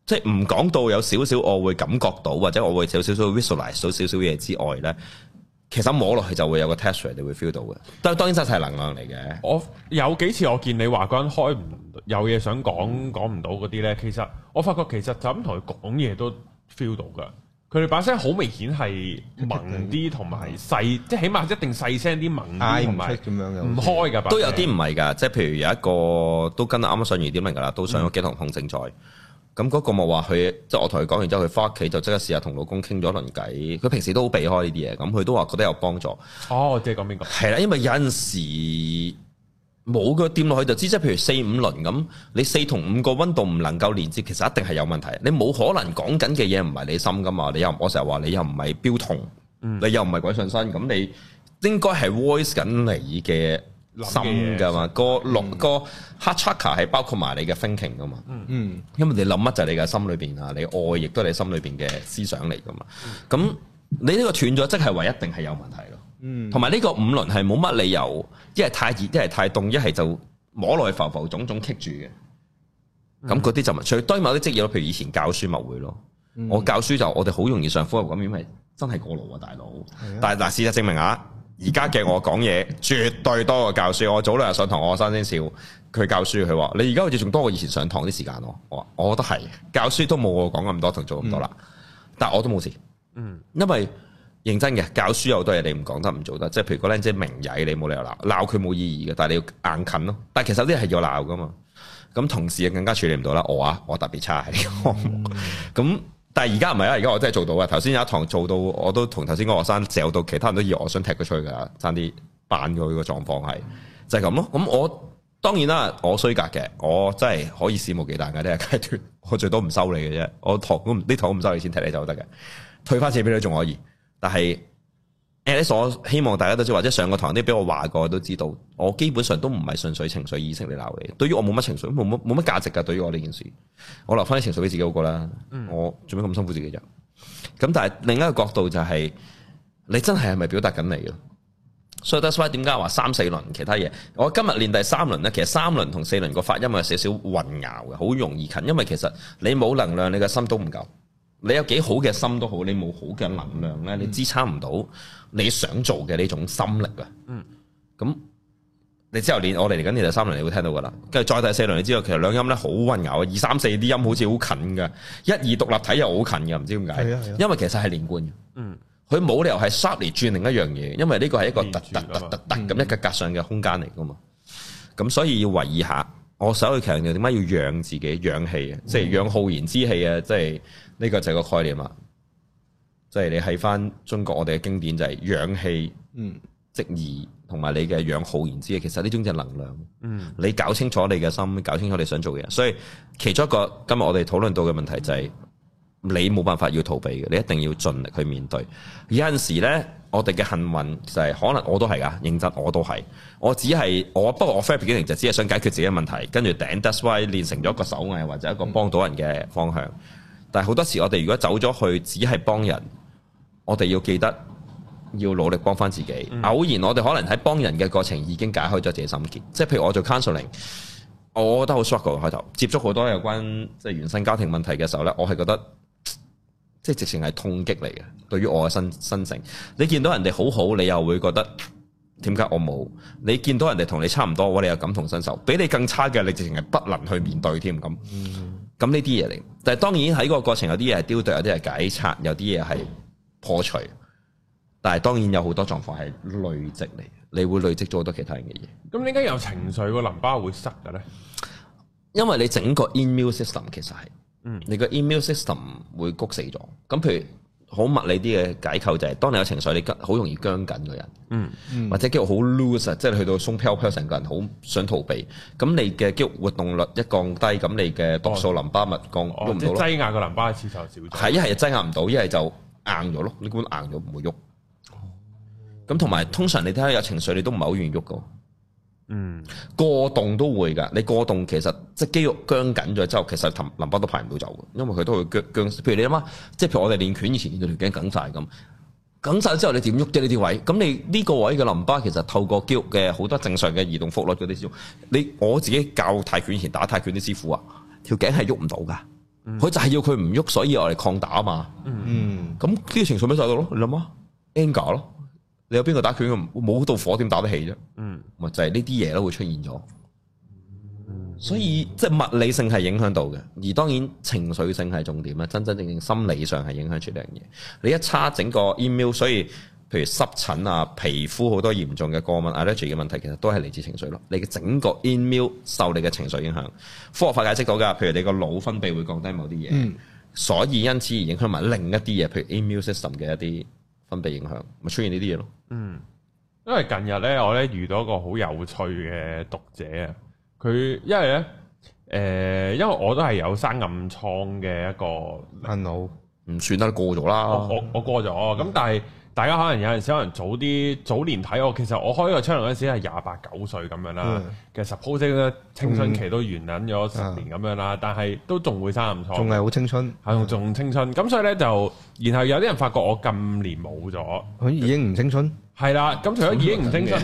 即係唔講到有少少，我會感覺到，或者我會有少少少 visualize 到少少嘢之外咧，其實摸落去就會有個 texture 你會 feel 到嘅。但當然真係能量嚟嘅。我有幾次我見你話個人開唔有嘢想講講唔到嗰啲咧，其實我發覺其實就咁同佢講嘢都 feel 到嘅。佢哋把聲好明顯係聞啲同埋細，即係起碼一定細聲啲聞，唔係咁樣嘅，唔開嘅都有啲唔係㗎。即係譬如有一個都跟啱啱上二點零㗎啦，都上咗幾堂控正賽。咁嗰個冇話佢，即係我同佢講完之後，佢翻屋企就即刻試下同老公傾咗輪偈。佢平時都好避開呢啲嘢，咁佢都話覺得有幫助。哦，即係講邊個？係啦，因為有陣時冇個掂落去就知，即係譬如四五輪咁，你四同五個温度唔能夠連接，其實一定係有問題。你冇可能講緊嘅嘢唔係你心噶嘛？你又我成日話你又唔係標童，嗯、你又唔係鬼上身，咁你應該係 voice 緊你嘅。心噶嘛？嗯，個六個 chakra 係包括埋你嘅 thinking 噶嘛？嗯，因為你諗乜就係你嘅心裏邊啊！你愛亦都係你心裏邊嘅思想嚟噶嘛？咁你呢個斷咗，即係話一定係有問題咯。嗯，同埋呢個五輪係冇乜理由，一係太熱，一係太凍，一係就摸落去浮浮腫腫棘住嘅。咁嗰啲就除對堆某啲職業咯，譬如以前教書咪會咯，我教書就我哋好容易上火咁樣，因為真係過勞啊，大佬。的但係嗱，事實證明啊。而家嘅我講嘢，絕對多過教書。我早兩日上堂，我生先笑佢教書，佢話：你而家好似仲多過以前上堂啲時間。我話：我覺得係教書都冇我講咁多同做咁多啦。嗯、但係我都冇事，嗯，因為認真嘅教書有好多嘢你唔講得唔做得，即係譬如個靚姐名仔，你冇理由鬧鬧佢冇意義嘅。但係你要硬近咯。但係其實啲係要鬧㗎嘛。咁同時又更加處理唔到啦。我啊，我特別差喺呢個項目咁。嗯但係而家唔係啊！而家我真係做到啊！頭先有一堂做到，我都同頭先個學生嚼到，其他人都以為，我想踢佢出去噶，差啲扮佢個狀況係就係咁咯。咁我當然啦，我衰格嘅，我真係可以肆無忌憚嘅呢個階段，我最多唔收你嘅啫。我堂呢堂唔收你錢，踢你走就得嘅，退翻錢俾你仲可以，但係。誒，所希望大家都知道，或者上個堂啲俾我話過都知道，我基本上都唔係純粹情緒意識嚟鬧你。對於我冇乜情緒，冇冇冇乜價值㗎。對於我呢件事，我留翻啲情緒俾自己好過啦。嗯、我做咩咁辛苦自己就咁？但係另一個角度就係、是、你真係係咪表達緊你咯？所以 that's why 點解話三四輪其他嘢？我今日練第三輪呢，其實三輪同四輪個發音係少少混淆嘅，好容易近。因為其實你冇能量，你個心都唔夠。你有幾好嘅心都好，你冇好嘅能量咧，你支撐唔到。嗯你想做嘅呢種心力啊，嗯，咁你之後連我嚟緊第二、第三輪你會聽到噶啦，跟住再第四輪，你知道其實兩音咧好溫柔，二三四啲音好似好近噶，一二獨立體又好近噶，唔知點解，因為其實係連貫嘅，嗯，佢冇理由係 sharp 嚟轉另一樣嘢，因為呢個係一個突突突突突咁一格格上嘅空間嚟噶嘛，咁所以要留意下，我想去強調點解要養自己養氣啊，即係養浩然之氣啊，即係呢個就係個概念啊。即係你喺翻中國，我哋嘅經典就係氧氣即、嗯、質疑同埋你嘅氧耗然之嘅，其實呢種就係能量。嗯你你，你搞清楚你嘅心，搞清楚你想做嘅嘢。所以其中一個今日我哋討論到嘅問題就係、是，你冇辦法要逃避嘅，你一定要盡力去面對。有陣時呢，我哋嘅幸運就係、是、可能我都係噶認真，我都係。我只係我，不過我 family 經營就只係想解決自己嘅問題，跟住頂 that’s why 練成咗一個手藝或者一個幫到人嘅方向。嗯嗯但係好多時，我哋如果走咗去，只係幫人，我哋要記得要努力幫翻自己。嗯、偶然我哋可能喺幫人嘅過程已經解開咗自己心結。即係譬如我做 counseling，我覺得好 shock 開頭，接觸好多有關即係原生家庭問題嘅時候呢，嗯、我係覺得即係直情係痛擊嚟嘅。對於我嘅心心性，你見到人哋好好，你又會覺得點解我冇？你見到人哋同你差唔多，我哋又感同身受。比你更差嘅，你直情係不能去面對添咁。咁呢啲嘢嚟，但係當然喺個過程有啲嘢係丟掉，有啲係解拆，有啲嘢係破除。但係當然有好多狀況係累積嚟，你會累積咗好多其他人嘅嘢。咁點解有情緒個淋巴會塞嘅呢？因為你整個 immune system 其實係，嗯，你個 immune system 會谷死咗。咁譬如。好物理啲嘅解構就係、是，當你有情緒，你好容易僵緊個人，嗯，或者肌肉好 loose 啊，即係去到鬆泡泡成個人好想逃避，咁你嘅肌肉活動率一降低，咁你嘅毒素淋巴物降，即係、哦、擠壓個淋巴次數少，係一係擠壓唔到，一係就硬咗咯，你管硬咗唔會喐，咁同埋通常你睇下有情緒，你都唔係好願喐噶。嗯，過動都會噶，你過動其實即係肌肉僵緊咗之後，其實淋巴都排唔到走嘅，因為佢都會僵，譬如你諗下，即係譬如我哋練拳以前條頸緊晒咁，緊晒之後你點喐啫呢啲位？咁你呢個位嘅淋巴其實透過肌肉嘅好多正常嘅移動幅度嗰啲，你我自己教泰拳以前打泰拳啲師傅啊，條頸係喐唔到噶，佢、嗯、就係要佢唔喐，所以我哋抗打啊嘛。嗯，嗯，咁呢啲情緒咪就係度咯？你諗啊 anger 咯。你有邊個打拳嘅冇到火點打得起啫？嗯，咪就係呢啲嘢咯，會出現咗。所以即係物理性係影響到嘅，而當然情緒性係重點啦，真真正正心理上係影響住呢樣嘢。你一叉整個 immune，所以譬如濕疹啊、皮膚好多嚴重嘅過敏 allergy 嘅問題，其實都係嚟自情緒咯。你嘅整個 immune 受你嘅情緒影響，科學化解釋到㗎。譬如你個腦分泌會降低某啲嘢，嗯、所以因此而影響埋另一啲嘢，譬如 immune system 嘅一啲分泌影響，咪出現呢啲嘢咯。嗯，因為近日咧，我咧遇到一個好有趣嘅讀者啊，佢因為咧，誒、呃，因為我都係有生暗瘡嘅一個，唔算得過咗啦，我我過咗，咁但係大家可能有陣時可能早啲，早年睇我，其實我開個專欄嗰陣時係廿八九歲咁樣啦，嗯、其實 suppose 咧青春期都完忍咗十年咁樣啦，嗯、但係都仲會生暗瘡，仲係好青春，係仲青春，咁是、嗯嗯、所以咧就。然後有啲人發覺我咁年冇咗，已經唔青春。係啦，咁除咗已經唔青春，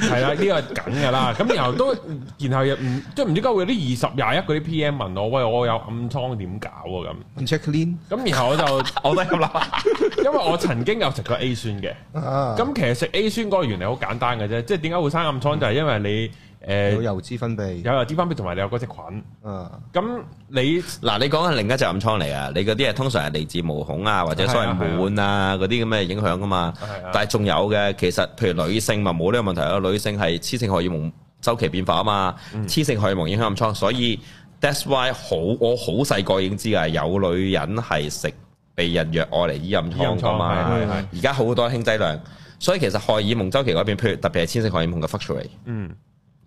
係啦， 呢、呢個梗噶啦。咁然後都，然後又，唔，即係唔知點解會有啲二十廿一嗰啲 PM 問我，喂，我有暗瘡點搞啊？咁 check clean。咁然後我就我都係咁諗， 因為我曾經有食過 A 酸嘅。咁、ah. 其實食 A 酸嗰個原理好簡單嘅啫，即係點解會生暗瘡、嗯、就係因為你。誒，油脂分泌，有油脂分泌同埋你有嗰隻菌，嗯、啊，咁你嗱，你講緊另一隻暗瘡嚟啊，你嗰啲係通常係嚟自毛孔啊或者所謂滿啊嗰啲咁嘅影響噶嘛，但係仲有嘅，其實譬如女性咪冇呢個問題咯，女性係雌性荷爾蒙周期變化啊嘛，雌性荷爾蒙影響暗瘡，所以、嗯、that's why 好，我好細個已經知噶，有女人係食避孕藥愛嚟醫暗瘡嘛，而家好多輕劑量，所以其實荷爾蒙周期嗰邊，譬如特別係雌性荷爾蒙嘅 factor，嗯。嗯嗯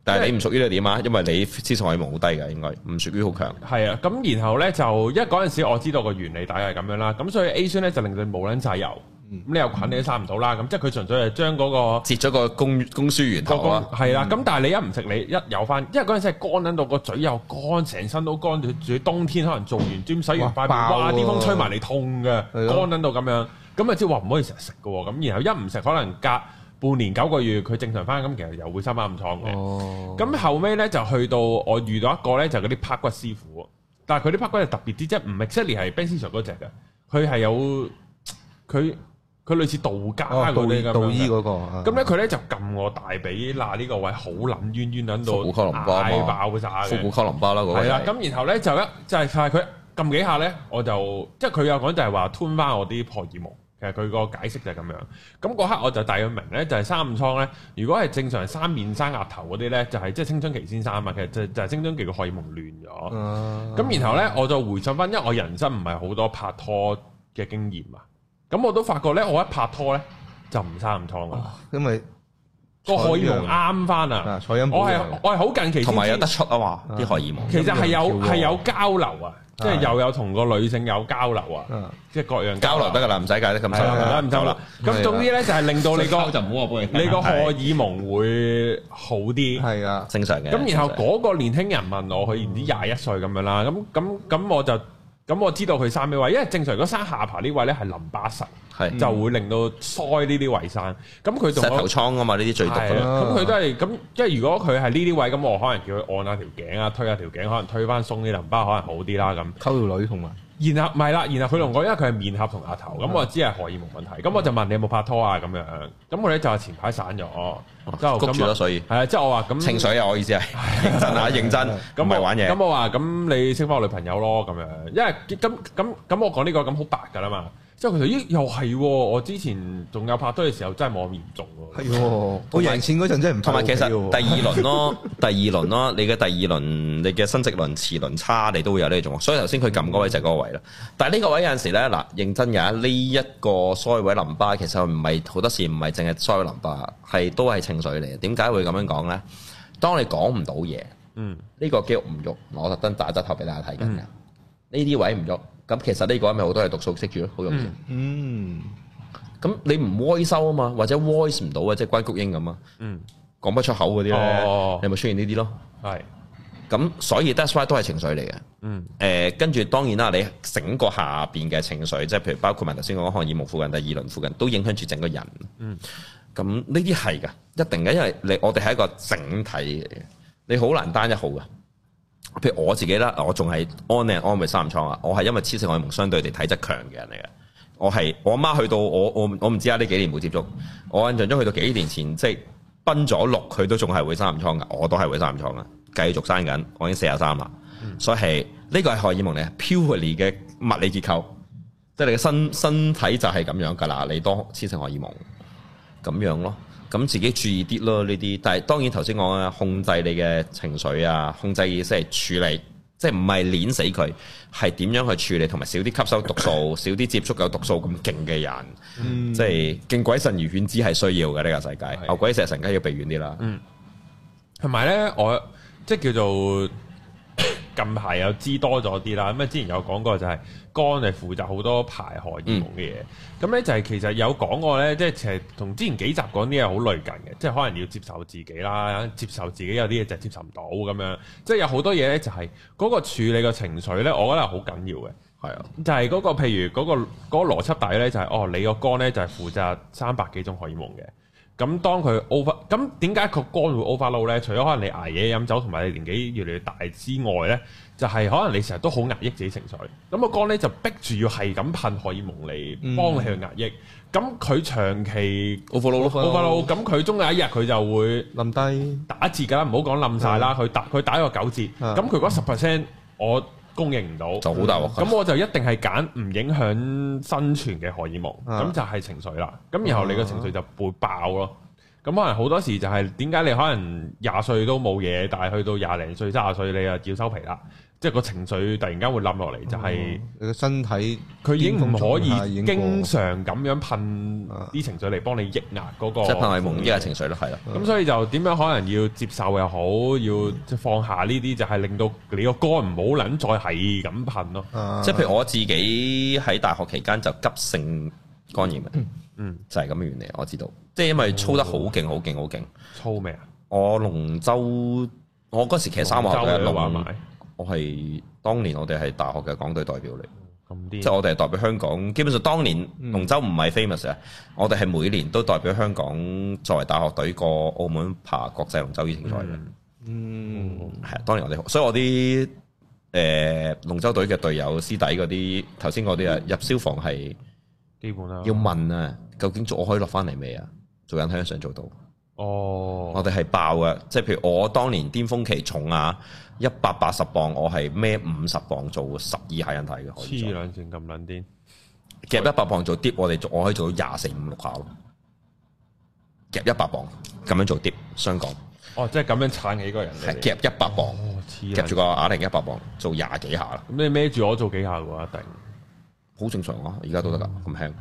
但係你唔屬於都點啊？因為你脂肪係毛好低㗎，應該唔屬於好強。係啊，咁然後咧就因為嗰陣時我知道個原理大概係咁樣啦，咁所以 A 酸咧就令到冇撚晒油，咁、嗯嗯、你又菌你都生唔到啦。咁即係佢純粹係將嗰、那個截咗個供供輸源頭啊。係啦、嗯，咁但係你一唔食，你一有返，因為嗰陣時係乾撚到個嘴又乾，成身都乾。你冬天可能做完專洗哇完髮，哇啲了風吹埋嚟痛嘅，的乾撚到咁樣，咁啊即係話唔可以成日食㗎喎。咁然後一唔食可能隔半年九個月，佢正常翻咁，其實又會生翻暗瘡嘅。咁、哦、後尾咧就去到我遇到一個咧，就嗰啲拍骨師傅，但係佢啲拍骨係特別啲，即係唔係 exactly 係 Benz 修行嗰隻嘅，佢係有佢佢類似道家嗰啲、哦、道醫嗰、嗰個。咁咧佢咧就撳我大髀罅呢個位好亂亂亂亂，好撚冤冤，撚度，腹股溝淋巴啊嘛！壓爆曬腹股溝淋巴啦嗰、嗰個。係啊，咁然後咧就一、是、就係佢撳幾下咧，我就即係佢有講就係、是、話、就是、吞翻我啲破耳毛。佢個解釋就係咁樣，咁嗰刻我就大概明咧，就係、是、三暗瘡咧。如果係正常生面生額頭嗰啲咧，就係即係青春期先生啊。其實就就係青春期個荷爾蒙亂咗。咁、啊、然後咧，我就回想翻，因為我人生唔係好多拍拖嘅經驗啊。咁我都發覺咧，我一拍拖咧就唔生暗瘡嘅、啊，因為個荷爾蒙啱翻啊。我係我係好近期同埋有得出啊嘛，啲、啊、荷爾蒙其實係有係有，有交流啊。即係又有同個女性有交流啊，嗯、即係各樣交流得噶啦，唔使解釋咁係啦，唔錯啦。咁總之咧就係令到你個對你個荷爾蒙會好啲，係啊對，正常嘅。咁然後嗰個年輕人問我，佢唔知廿一歲咁樣啦，咁咁咁我就。咁我知道佢生咩位，因為正常如果生下巴位呢位咧，係淋巴腺，係是就會令到腮呢啲位生。咁佢仲石頭瘡啊嘛，呢啲最毒啦。咁佢都係咁，即係如果佢係呢啲位，咁我可能叫佢按下條頸啊，推下條頸，可能推返鬆啲淋巴，可能好啲啦。咁溝條女同埋。然後，唔係啦，然後佢同我，因為佢係面合同額頭，咁我只係荷爾蒙問題，咁我就問你有冇拍拖啊咁樣，咁我咧就係前排散咗，即係咁，係啊，即係樣對我話咁，情緒啊，我意思係，認真啊，認真，唔咪 真樣玩嘢，咁我話咁你識翻我女朋友咯咁樣，因為咁咁咁我講呢、呢個咁好白㗎啦嘛。即係其實又係、哦，我之前仲有拍拖嘅時、哦、時、時候真係冇咁嚴重喎。係喎，我贏錢嗰陣真係唔同埋。其實第二， 第二輪咯，第二輪咯，你嘅第二輪、你嘅生殖輪、次輪差，你都會有呢種。所以頭先佢撳嗰位就係嗰位啦。但係呢個位有陣時呢，嗱認真嘅呢一、呢個所謂淋巴，其實唔係好多時唔係淨係所謂淋巴，係都係情緒嚟。點解會咁樣講呢？當你講唔到嘢，嗯，呢個肌肉唔喐，我特登打側頭俾大家睇緊嘅，呢啲、嗯、位唔喐。咁其實呢個咪好多係毒素識住咯，好容易。嗯，咁、嗯、你唔 voice 收啊嘛，或者 voice 唔到啊，即係關谷英咁啊。嗯，講不出口嗰啲咧，你咪出現呢啲咯？係，咁所以 that's why 都係情緒嚟嘅。嗯，誒，跟住當然啦，你整個下邊嘅情緒，即係譬如包括埋頭先講荷爾蒙附近、第二輪附近，都影響住整個人。嗯，咁呢啲係噶，一定嘅，因為你我哋係一個整體嚟嘅，你好難單一號嘅。譬如我自己啦，我仲係安靚，安未生暗瘡啊？我係因為雌性荷爾蒙相對地體質強嘅人嚟嘅，我係我阿媽去到我我我唔知啊呢幾年冇接觸，我印象中去到幾年前即係奔咗六，佢都仲係會生暗瘡噶，我都係會生暗瘡噶，繼續生緊，我已經四十三啦，嗯、所以係呢個係荷爾蒙嚟 purely 嘅物理結構，即係你嘅身身體就係咁樣噶啦，你多雌性荷爾蒙，咁樣咯。咁自己注意啲咯，呢啲，但係當然頭先講咧，控制你嘅情緒啊，控制意識嚟處理，即係唔係碾死佢，係點樣去處理，同埋少啲吸收毒素， 少啲接觸有毒素咁勁嘅人，嗯、即係敬鬼神而遠之係需要嘅呢、呢個世界，的牛鬼蛇神梗係要避遠啲啦。嗯，同埋咧，我即係叫做。近排又知多咗啲啦，咁啊之前有講過就係、是、肝係負責好多排荷爾蒙嘅嘢，咁咧、嗯嗯、就係、是、其實有講過咧，即係其實同之前幾集講啲嘢好類近嘅，即、就、係、是、可能要接受自己啦，接受自己有啲嘢就接受唔到咁樣，即、就、係、是、有好多嘢咧就係、是、嗰、那個處理個情緒咧，我覺得係好緊要嘅，係啊、嗯，就係嗰、那個譬如嗰、那個嗰、那個邏輯底咧就係、是、哦，你個肝咧就係負責三百幾種荷爾蒙嘅。咁當佢 over 咁點解個肝會 overload 咧？除咗可能你捱夜飲酒同埋你年紀越嚟越大之外咧，就係可能你成日都好壓抑自己情緒。咁個肝咧就逼住要係咁噴荷爾蒙嚟幫你去壓抑。咁佢長期 overload，overload。咁佢終有一日佢就會冧低打折㗎啦，唔好講冧曬啦。佢打佢打一個九折，咁佢嗰十 percent 我。供應唔到，就好大鑊。咁我就一定係揀唔影響生存嘅荷爾蒙，咁、啊、就係情緒啦。咁然後你個情緒就會爆咯。咁、啊、可能好多時就係點解你可能廿歲都冇嘢，但係去到廿零歲、三十歲你又要收皮啦。即係個情緒突然間會冧落嚟，就係你個身體，佢已經唔可以經常咁樣噴啲情緒嚟幫你抑壓嗰個，即係噴鼻沫抑壓情緒咯，係啦。咁所以就點樣可能要接受又好，要即放下呢啲，就係令到你個肝唔好捻再係咁噴咯。嗯嗯嗯、即係譬如我自己喺大學期間就急性肝炎嗯，嗯嗯，就係咁嘅原理，我知道。即係因為操得好勁，好勁，好勁。操咩啊？我龍舟，我嗰時騎三號嘅龍馬。我係當年我哋係大學嘅港隊代表嚟，即係我哋係代表香港。基本上當年、嗯、龍舟唔係 famous 啊、嗯，我哋係每年都代表香港作為大學隊過澳門爬國際龍舟邀請賽嘅。嗯，係、嗯、當然我哋，所以我啲誒、呃、龍舟隊嘅隊友師弟嗰啲，頭先我啲啊入消防係，基本啊要問啊，究竟我可以落翻嚟未啊？做緊喺順做到。哦，oh. 我哋係爆嘅，即係譬如我當年巔峰期重啊，一百八十磅，我係孭五十磅做十二下人體嘅，我哋。黐線咁卵癲！夾一百磅做 dip，我哋做我可以做到廿四五六下咯。夾一百磅咁樣做 dip，雙槓。哦，即係咁樣撐起個人係夾一百磅，夾住、oh, 個啞鈴一百磅做廿幾下啦。咁你孭住我做幾下嘅一定好正常啊！而家都得噶，咁輕、嗯。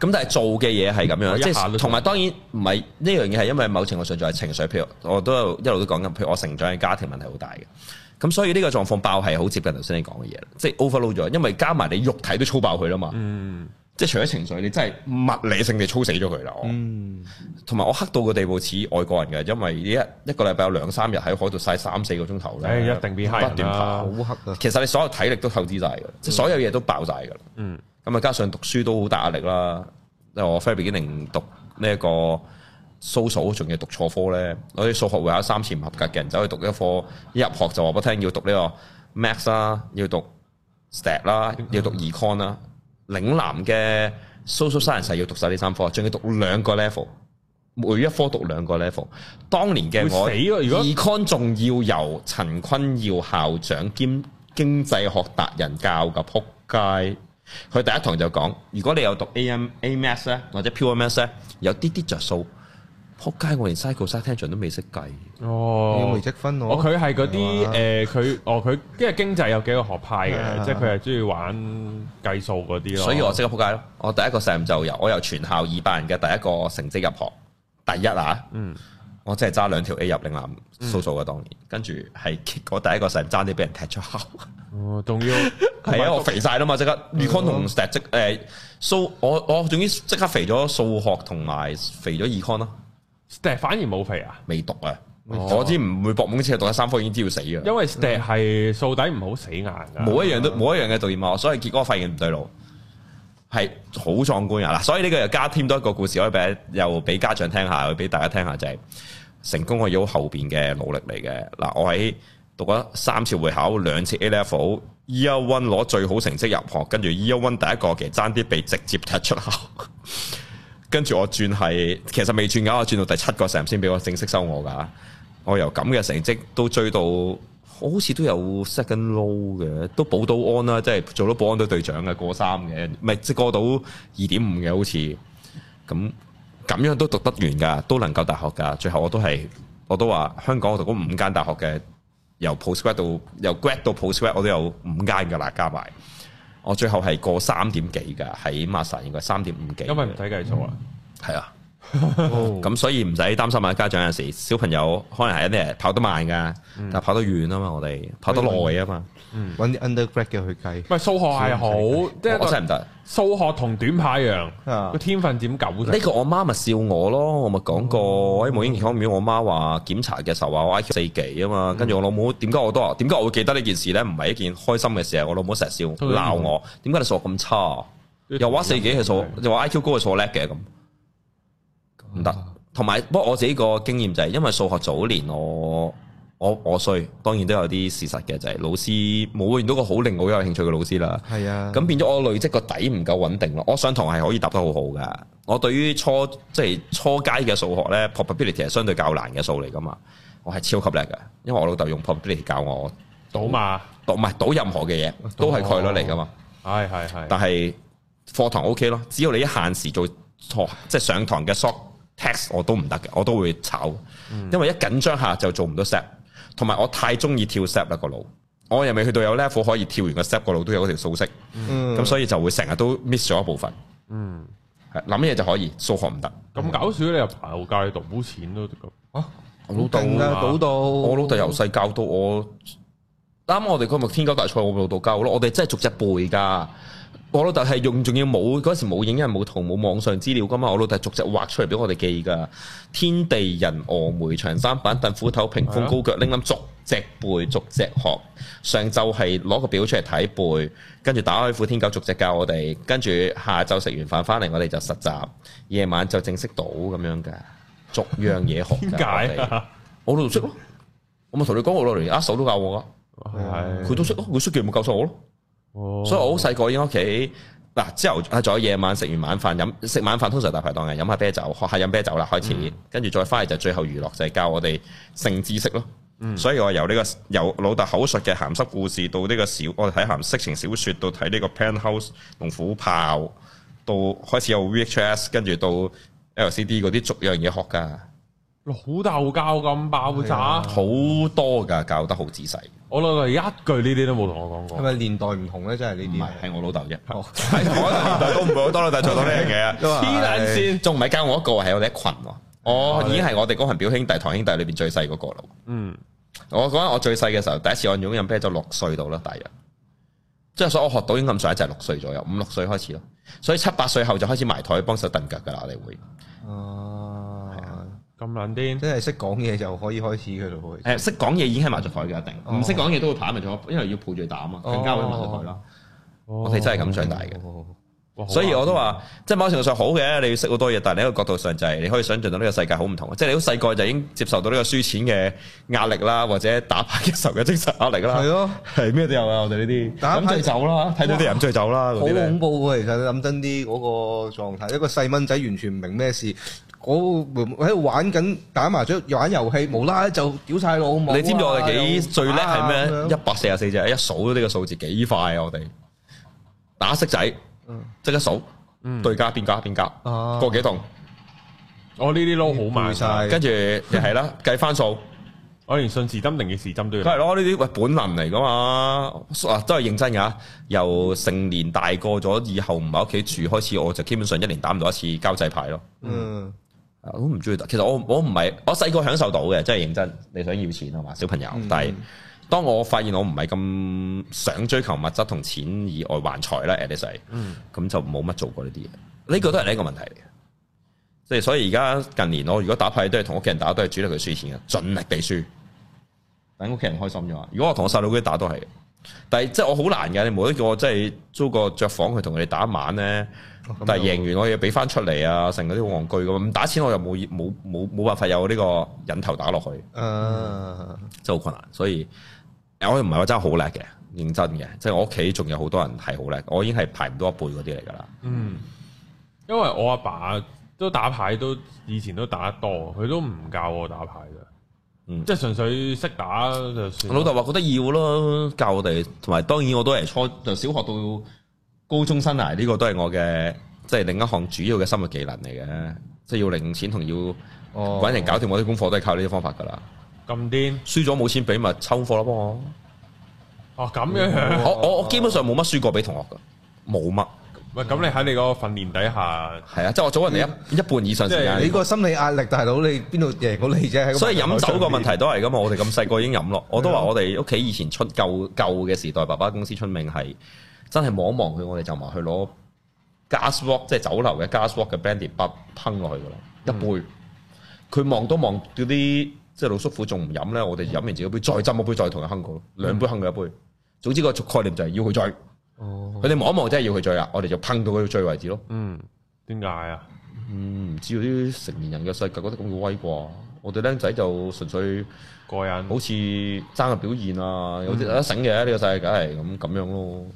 咁但係做嘅嘢係咁樣，即係同埋當然唔係呢樣嘢係因為某程度上就係情緒。譬如我，我都一路都講緊，譬如我成長嘅家庭問題好大嘅，咁所以呢個狀況爆係好接近頭先你講嘅嘢，即係 overload 咗，因為加埋你肉體都操爆佢啦嘛。嗯、即係除咗情緒，你真係物理性地操死咗佢啦。我嗯。同埋我黑到個地步似外國人嘅，因為一一個禮拜有兩三日喺海度晒三四個鐘頭咧。一定變、啊、黑，好黑。其實你所有體力都透支晒嘅，即係、嗯、所有嘢都爆晒嘅啦。嗯嗯咁啊！加上讀書都好大壓力啦。因為我 Ferry 經寧讀呢一個 social 仲要讀錯科咧，我啲數學會考三次唔合格嘅人走去讀一科，一入學就話不聽要讀呢個 math 啦，要讀 stat 啦，要讀 econ 啦。嶺南嘅 social science 要讀晒呢三科，仲要讀兩個 level，每一科讀兩個 level。當年嘅我死咯，啊，如果 econ 仲要由陳坤耀校長兼經濟學達人教嘅，仆街！佢第一堂就講，如果你有讀 A M A M S 咧，AM 或者 P u M S 咧，有啲啲着數。仆街，我連 cycle station 都未識計。哦，未積分哦，佢係嗰啲誒，佢哦佢即係經濟有幾個學派嘅， 即係佢係中意玩計數嗰啲咯。 所以我識得仆街咯。我第一個上 e 就由我由全校二百人嘅第一個成績入學，第一啊。嗯我真係揸兩條 A 入嶺南數數嘅，嗯、當年跟住係結果第一個成日爭啲俾人踢出校，仲、嗯、要係 啊！我肥晒啦嘛，刻嗯 e、con 即刻 Econ 同 Stat 即誒數我我仲要即刻肥咗數學同埋肥咗 Econ 啦，Stat 反而冇肥啊，未讀啊，嗯、我知唔會搏懵即係讀咗三科已經知要死嘅，因為 Stat 係數底唔好死硬噶，冇、嗯、一樣都冇一樣嘅讀點啊，所以結果我發現唔對路係好壯觀啊！嗱，所以呢個又加添多一個故事，可以俾又俾家長聽下，又俾大家聽下就係、是。成功係要後邊嘅努力嚟嘅。嗱，我喺讀咗三次會考，兩次 A Level，Year One 攞最好成績入學，跟住 Year One 第一個期爭啲被直接踢出校，跟住我轉系，其實未轉㗎，我轉到第七個成先俾我正式收我噶。我由咁嘅成績都追到，好似都有 Second Low 嘅，都保到安啦，即係做到保安隊隊長嘅過三嘅，咪即係過到二點五嘅，好似咁。咁樣都讀得完㗎，都能夠大學㗎。最後我都係，我都話香港我讀五間大學嘅，由 postgrad 到由 grad 到 postgrad，我都有五間㗎啦，加埋。我最後係過三點幾㗎，喺 Massa 應該三點五幾。因為唔使計數、嗯、啊，係啊、哦，咁所以唔使擔心啊。家長有時小朋友可能係一啲人跑得慢㗎，嗯、但跑得遠啊嘛，我哋跑得耐啊嘛，揾啲 undergrad 嘅、er、去計。唔係數學係好，我真係唔得。數學同短派一樣個、啊、天分點搞呢個，我媽咪笑我咯，我咪講過喺母嬰健康表，哦哎、我媽話檢查嘅時候話我 IQ 四幾啊嘛，跟住、嗯、我老母點解我都話點解我會記得呢件事咧？唔係一件開心嘅事，我老母成日笑鬧、嗯嗯、我，點解你數學咁差？又話四幾係錯，又話 IQ 高係錯叻嘅咁，唔得。同埋、啊、不，不過我自己個經驗就係，因為數學早年我。我我我衰，當然都有啲事實嘅，就係、是、老師冇遇到個好令我有興趣嘅老師啦。係啊，咁變咗我累積個底唔夠穩定咯。我上堂係可以答得好好嘅，我對於初即係初階嘅數學咧，probability 係相對較難嘅數嚟㗎嘛。我係超級叻嘅，因為我老豆用 probability 教我。賭嘛？賭唔係賭，賭，賭任何嘅嘢，都係概率嚟㗎嘛。係係係。哎、但係課堂 OK 咯，只要你一限時做錯，即係上堂嘅 short test 我都唔得嘅，我都會炒，嗯、因為一緊張下就做唔到 set。同埋我太中意跳 step 啦，個腦，我又未去到有 level 可以跳完個 step 個腦都有條數識，咁所以就會成日都 miss 咗一部分。諗嘢就可以，數學唔得。咁搞笑你又排到賭錢咯？啊，我老豆賭到，我老豆由細教到我。啱啱我哋今日天九大賽我老豆教咯，我哋真係逐隻背噶。我老豆係用，仲要冇嗰時冇影因為，冇圖、冇網上資料噶嘛？我老豆逐隻畫出嚟俾我哋記噶。天地人峨眉長三板凳斧頭屏風高腳拎啱，逐隻背逐隻學。上晝係攞個表出嚟睇背，跟住打開《副天九》，逐隻教我哋。跟住下晝食完飯翻嚟，我哋就實習。夜晚就正式到咁樣噶，逐樣嘢學。點解？我老豆識，我咪同你講，我老豆一手都教我噶。佢是、嗯、都識，佢識嘅咪教晒我咯。Oh. 所以我，我好細個已經屋企嗱，朝頭啊，仲有夜晚食完晚飯飲食晚飯，通常大排檔嘅飲下啤酒，學下飲啤酒啦，開始跟住、嗯、再翻嚟就最後娛樂就係、是、教我哋性知識咯。嗯，所以我由呢、這個由老豆口述嘅鹹濕故事到呢個小我哋睇咸色情小說，到睇呢個 Penthouse 龍虎豹，到開始有 VHS，跟住到 LCD 嗰啲逐樣嘢學㗎。老豆教咁爆炸，好、哎、呀多噶教得好仔細。我老豆一句呢啲都冇同我講過。係咪年代唔同咧？真係呢啲。唔係，係我老豆啫。係我年代都唔係好多我老豆做到呢樣嘢黐捻線，仲唔係教我一、那個啊？係我哋一群喎。我已經係我哋嗰群表兄弟堂兄弟裏邊最細嗰個啦。嗯，我覺得我最細嘅時候，第一次我飲飲啤咗六歲度啦，大約。即、就、係、是、所以我學到已經咁細，就係六歲左右，五六歲開始咯。所以七八歲後就開始埋台幫手頂腳噶啦，我哋會。哦了。難啲，即係識講嘢就可以開始嘅咯，可以。誒，識講嘢已經係麻雀台嘅一定，唔識講嘢都會拍埋咗，因為要抱住打啊嘛，更加會麻雀台啦。我哋真係咁長大嘅，所以我都話，即係某程度上好嘅，你要識好多嘢，但係你一個角度上就係，你可以想象到呢個世界好唔同。即係你好細個就已經接受到呢個輸錢嘅壓力啦，或者打牌嘅時候嘅精神壓力啦，係咯，係咩都有嘅。我哋呢啲飲醉酒啦，睇到啲人飲醉酒啦，好恐怖嘅。其實諗真啲嗰個狀態，一個細蚊仔完全唔明咩事。我喺度玩緊打麻雀、玩遊戲，無啦就屌晒老母。你知唔知我哋幾最叻係咩？一百四十四隻一數呢個數字幾快啊！我哋打骰仔，即刻數，對加邊加邊加，過幾棟。我呢啲撈好晒。跟住又係啦，計翻數。我連順時針、逆時針都要。係咯，呢啲喂本能嚟噶嘛，啊都係認真噶。由成年大個咗，以後唔喺屋企住，開始我就基本上一年打唔到一次交際牌咯。嗯。我都唔中意。其實我我唔係我細個享受到嘅，即係認真你想要錢係、啊、嘛小朋友。嗯、但係當我發現我唔係咁想追求物質同錢以外還財咧，Alice，咁就冇乜做過呢啲嘢。呢、嗯、個都係呢一個問題。即係所以而家近年我如果打牌都係同屋企人打，都係主力去輸錢嘅，盡力地輸，等屋企人開心啫嘛。如果我同我細佬啲打都係，但係即係我好難嘅，你冇得叫我即係租個着房去同佢哋打一晚咧。但係贏完我要俾翻出嚟啊，成嗰啲玩具咁，打錢我又冇冇冇辦法有呢個引頭打落去，誒、嗯，真係好困難。所以我又唔係話真係好叻嘅，認真嘅，即係我屋企仲有好多人係好叻，我已經係排唔到一輩嗰啲嚟噶啦。嗯，因為我阿爸都打牌，都以前都打得多，佢都唔教我打牌噶，嗯、即係純粹識打就算。老豆話覺得要咯，教我哋，同埋當然我都係初，就小學到。高中生涯呢、這個都係我嘅，即係另一項主要嘅生活技能嚟嘅，即係要零錢同要搵人搞掂我啲功課，哦、都係靠呢啲方法噶啦。咁癲，輸咗冇錢俾咪抽貨咯，幫我、哦哦。哦，咁樣我我我基本上冇乜輸過俾同學噶，冇乜。喂、哦，咁、哦啊、你喺你個訓練底下？係啊，即係我早人哋一也一半以上時間。你個心理壓力大佬，你邊度贏過你啫？所以飲酒個問題都係噶嘛？我哋咁細個已經飲咯。 我都話我哋屋企以前出舊舊嘅時代，爸爸公司出名係。真係望一望佢，我哋就埋去攞 gas work，即係酒樓嘅 gas work 嘅 brandy，把烹落去噶啦，一杯。佢望、嗯、都望啲，即係老叔父仲唔飲咧？我哋飲完自己杯，再斟一杯，再同佢哼過咯，兩杯哼佢一杯。嗯、總之個概念就係要佢醉。哦。佢哋望一望真係要佢醉啦，我哋就烹到佢醉為止咯。嗯。點解啊？唔、嗯、知啲成年人嘅世界覺得咁嘅威啩？我哋僆仔就純粹過癮，好似爭下表現啊，有啲得醒嘅呢個世界、啊，梗係咁咁樣咯。嗯嗯嗯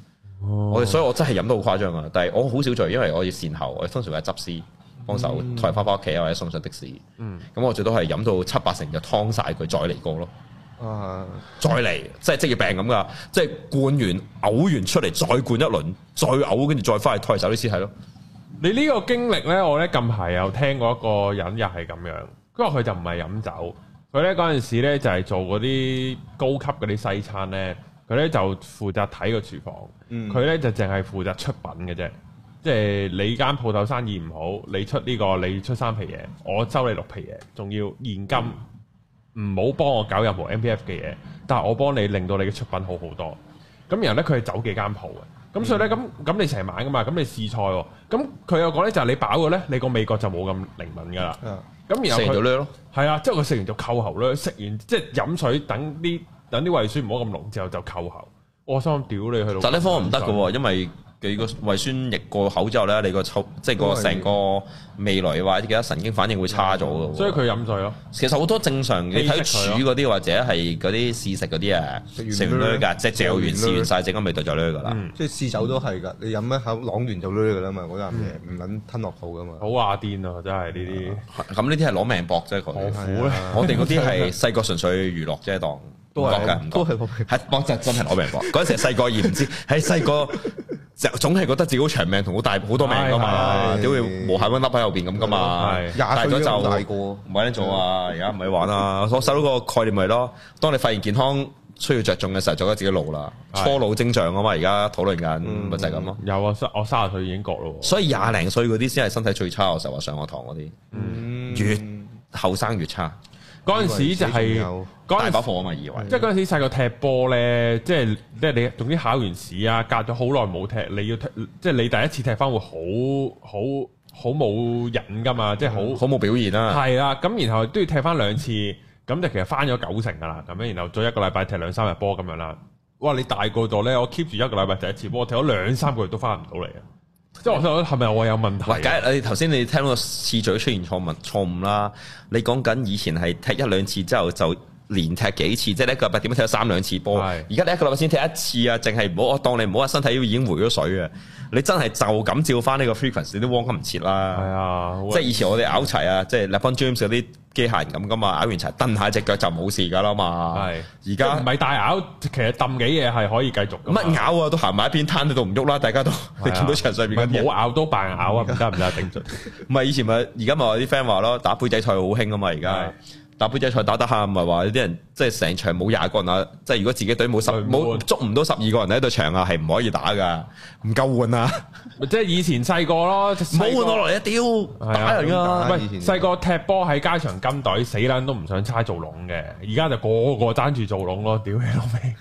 我哋，oh. 所以我真係飲到好誇張啊！但係我好少醉，因為我要善後。我通常我執屍幫手、mm hmm. 抬翻返屋企啊，或者送上的士。嗯、mm，咁、hmm. 我最多係飲到七八成就劏曬佢，再嚟過咯。啊、oh.，再嚟即係職業病咁噶，即係灌完、嘔完出嚟，再灌一輪，再嘔，跟住再翻去抬走啲屍，係咯。你呢個經歷咧，我咧近排又聽過一個人又係咁樣。不過佢就唔係飲酒，佢咧嗰陣時咧就係、是、做嗰啲高級嗰啲西餐咧，佢咧就負責睇個廚房。佢、嗯、呢就淨係負責出品嘅啫，即係你間鋪頭生意唔好，你出呢、這個你出三皮嘢，我收你六皮嘢，仲要現金，唔好幫我搞任何 MPF 嘅嘢，但係我幫你令到你嘅出品好好多。咁然後呢，佢係走幾間鋪嘅，咁所以呢，咁咁、嗯、你成晚噶嘛，咁你試菜、啊，咁佢又講呢，就係、是、你飽嘅呢，你個味覺就冇咁靈敏噶啦。咁、嗯嗯、然後佢咗咧咯，係啊，即係佢食完就扣喉咧，食完即係飲水等啲等啲胃酸唔好咁濃之後就扣喉。我心屌你去，咯，但呢方唔得嘅，因為佢個胃酸逆過口之後咧，你個臭即係個成個味蕾或者其他神經反應會差咗嘅。所以佢飲水咯。其實好多正常，你睇煮嗰啲或者係嗰啲試食嗰啲啊，食完噶，即嚼完試完晒整個味道就噦噶啦。即試酒都係噶，你飲一口朗完就噦噶啦嘛，嗰陣嘢唔肯吞落肚噶嘛。好阿顛啊！真係呢啲。咁呢啲係攞命搏啫，佢。我哋嗰啲係細個純粹娛樂啫，當。都係噶，都係我命，係真係攞命搏。嗰陣時係細個而唔知，喺細個就總係覺得自己好長命，同好大好多命噶嘛，點會磨下温粒喺後邊咁噶嘛？廿歲大個唔玩咗啊，而家唔咪玩啊，我收到個概念咪咯，當你發現健康需要着重嘅時候，就覺得自己老啦，初老症狀噶嘛。而家討論緊咪就係咁咯。有啊，我我卅歲已經覺咯，所以廿零歲嗰啲先係身體最差，我成日話，上學堂嗰啲，越後生越差。嗰陣時就係嗰陣時大把即係嗰時細個踢波呢，即係即係你，總之考完試啊，隔咗好耐冇踢，你要踢，即係你第一次踢翻會好好好冇癮噶嘛，即係好好冇表現啦。係啦，咁然後都要踢翻兩次，咁就其實翻咗九成噶啦，咁樣然後再一個禮拜踢兩三日波咁樣啦。哇！你大個咗呢，我 keep 住一個禮拜踢一次波踢咗兩三個月都翻唔到嚟啊！即係我想，係咪我有問題？嗱，假如你頭先你聽到個次序出現錯誤、錯誤啦，你講緊以前係踢一兩次之後就。連踢幾次，即係一個禮拜點樣踢到三兩次波？而家你一個禮拜先踢一次啊，淨係唔好，我當你唔好啊，身體已經回咗水啊！你真係就咁照返呢個 frequency，你都汪咁唔切啦。係啊，即係以前我哋拗柴啊，即係 LeBron James 嗰啲機械人咁㗎嘛，拗完柴蹬下隻腳就冇事㗎啦嘛。係，而家唔係大拗，其實揼幾嘢係可以繼續。乜拗啊，都行埋一邊攤喺度唔喐啦，大家都你見到場上邊冇拗都扮拗啊，唔得唔得？頂住！唔係以前咪，而家咪我啲 friend 話咯，打杯仔賽好興啊嘛，而家。打杯仔賽打得喊，咪係話有啲人即係成場冇廿個啊！即係如果自己隊冇十冇捉唔到十二個人喺度場啊，係唔可以打噶，唔夠換啊！即係以前細個咯，唔好換我落嚟一屌，打人啊！唔係細個踢波喺街場金隊死卵都唔想差做龍嘅，而家就個個爭住做龍咯！屌你老味，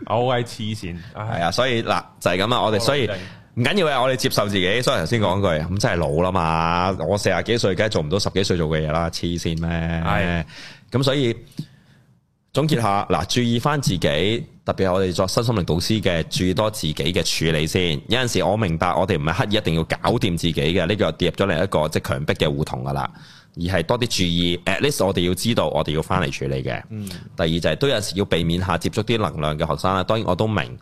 牛閪黐線！係、哎、啊，所以嗱就係咁啊，我哋所以。唔緊要啊！我哋接受自己，所以頭先講句咁真係老啦嘛！我四十幾歲，梗係做唔到十幾歲做嘅嘢啦，黐線咩？係咁的，所以總結下嗱，注意翻自己，特別係我哋作身心靈導師嘅，注意多自己嘅處理先。有陣時我明白，我哋唔係刻意一定要搞掂自己嘅，呢個又跌入咗另一個即係強迫嘅胡同噶啦，而係多啲注意。at least 我哋要知道，我哋要翻嚟處理嘅。嗯、第二就係、是、都有時要避免下接觸啲能量嘅學生啦。當然我都明。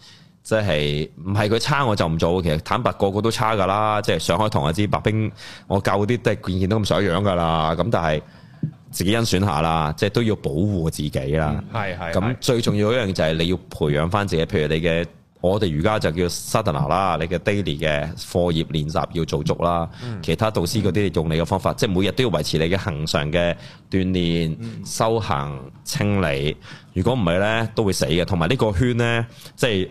即係唔係佢差我就唔做，其實坦白個個都差噶啦。即係上海同我知白兵，我教啲都係件件都咁想樣噶啦。咁但係自己甄選下啦，即係都要保護自己啦。係係、嗯。咁最重要一樣就係你要培養翻自己，譬如你嘅我哋而家就叫 Sadhana 啦，你嘅 daily 嘅課業練習要做足啦。其他導師嗰啲用你嘅方法，即係每日都要維持你嘅恆常嘅鍛鍊、修行、清理。如果唔係呢，都會死嘅。同埋呢個圈呢，即係。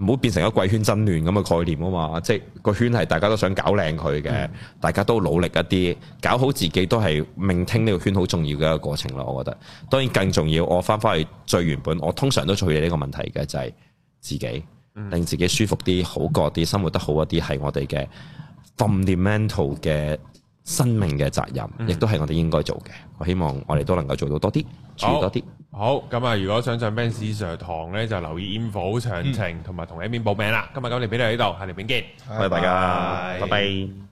唔好變成一個貴圈真亂咁嘅概念啊嘛，即係個圈係大家都想搞靚佢嘅，嗯、大家都努力一啲，搞好自己都係命聽呢個圈好重要嘅一個過程咯。我覺得當然更重要，我翻返去最原本，我通常都處理呢個問題嘅就係、是、自己令自己舒服啲，好過啲，生活得好一啲，係我哋嘅 fundamental 嘅。生命嘅責任，亦都係我哋應該做嘅。嗯、我希望我哋都能夠做到多啲，注意多啲。好，咁啊，如果想上 Ben Sir 堂咧，就留意 info 詳情，同埋、嗯、同一邊報名啦。今日咁，年哋俾你喺度，下年期見，拜拜，拜拜。拜拜拜拜。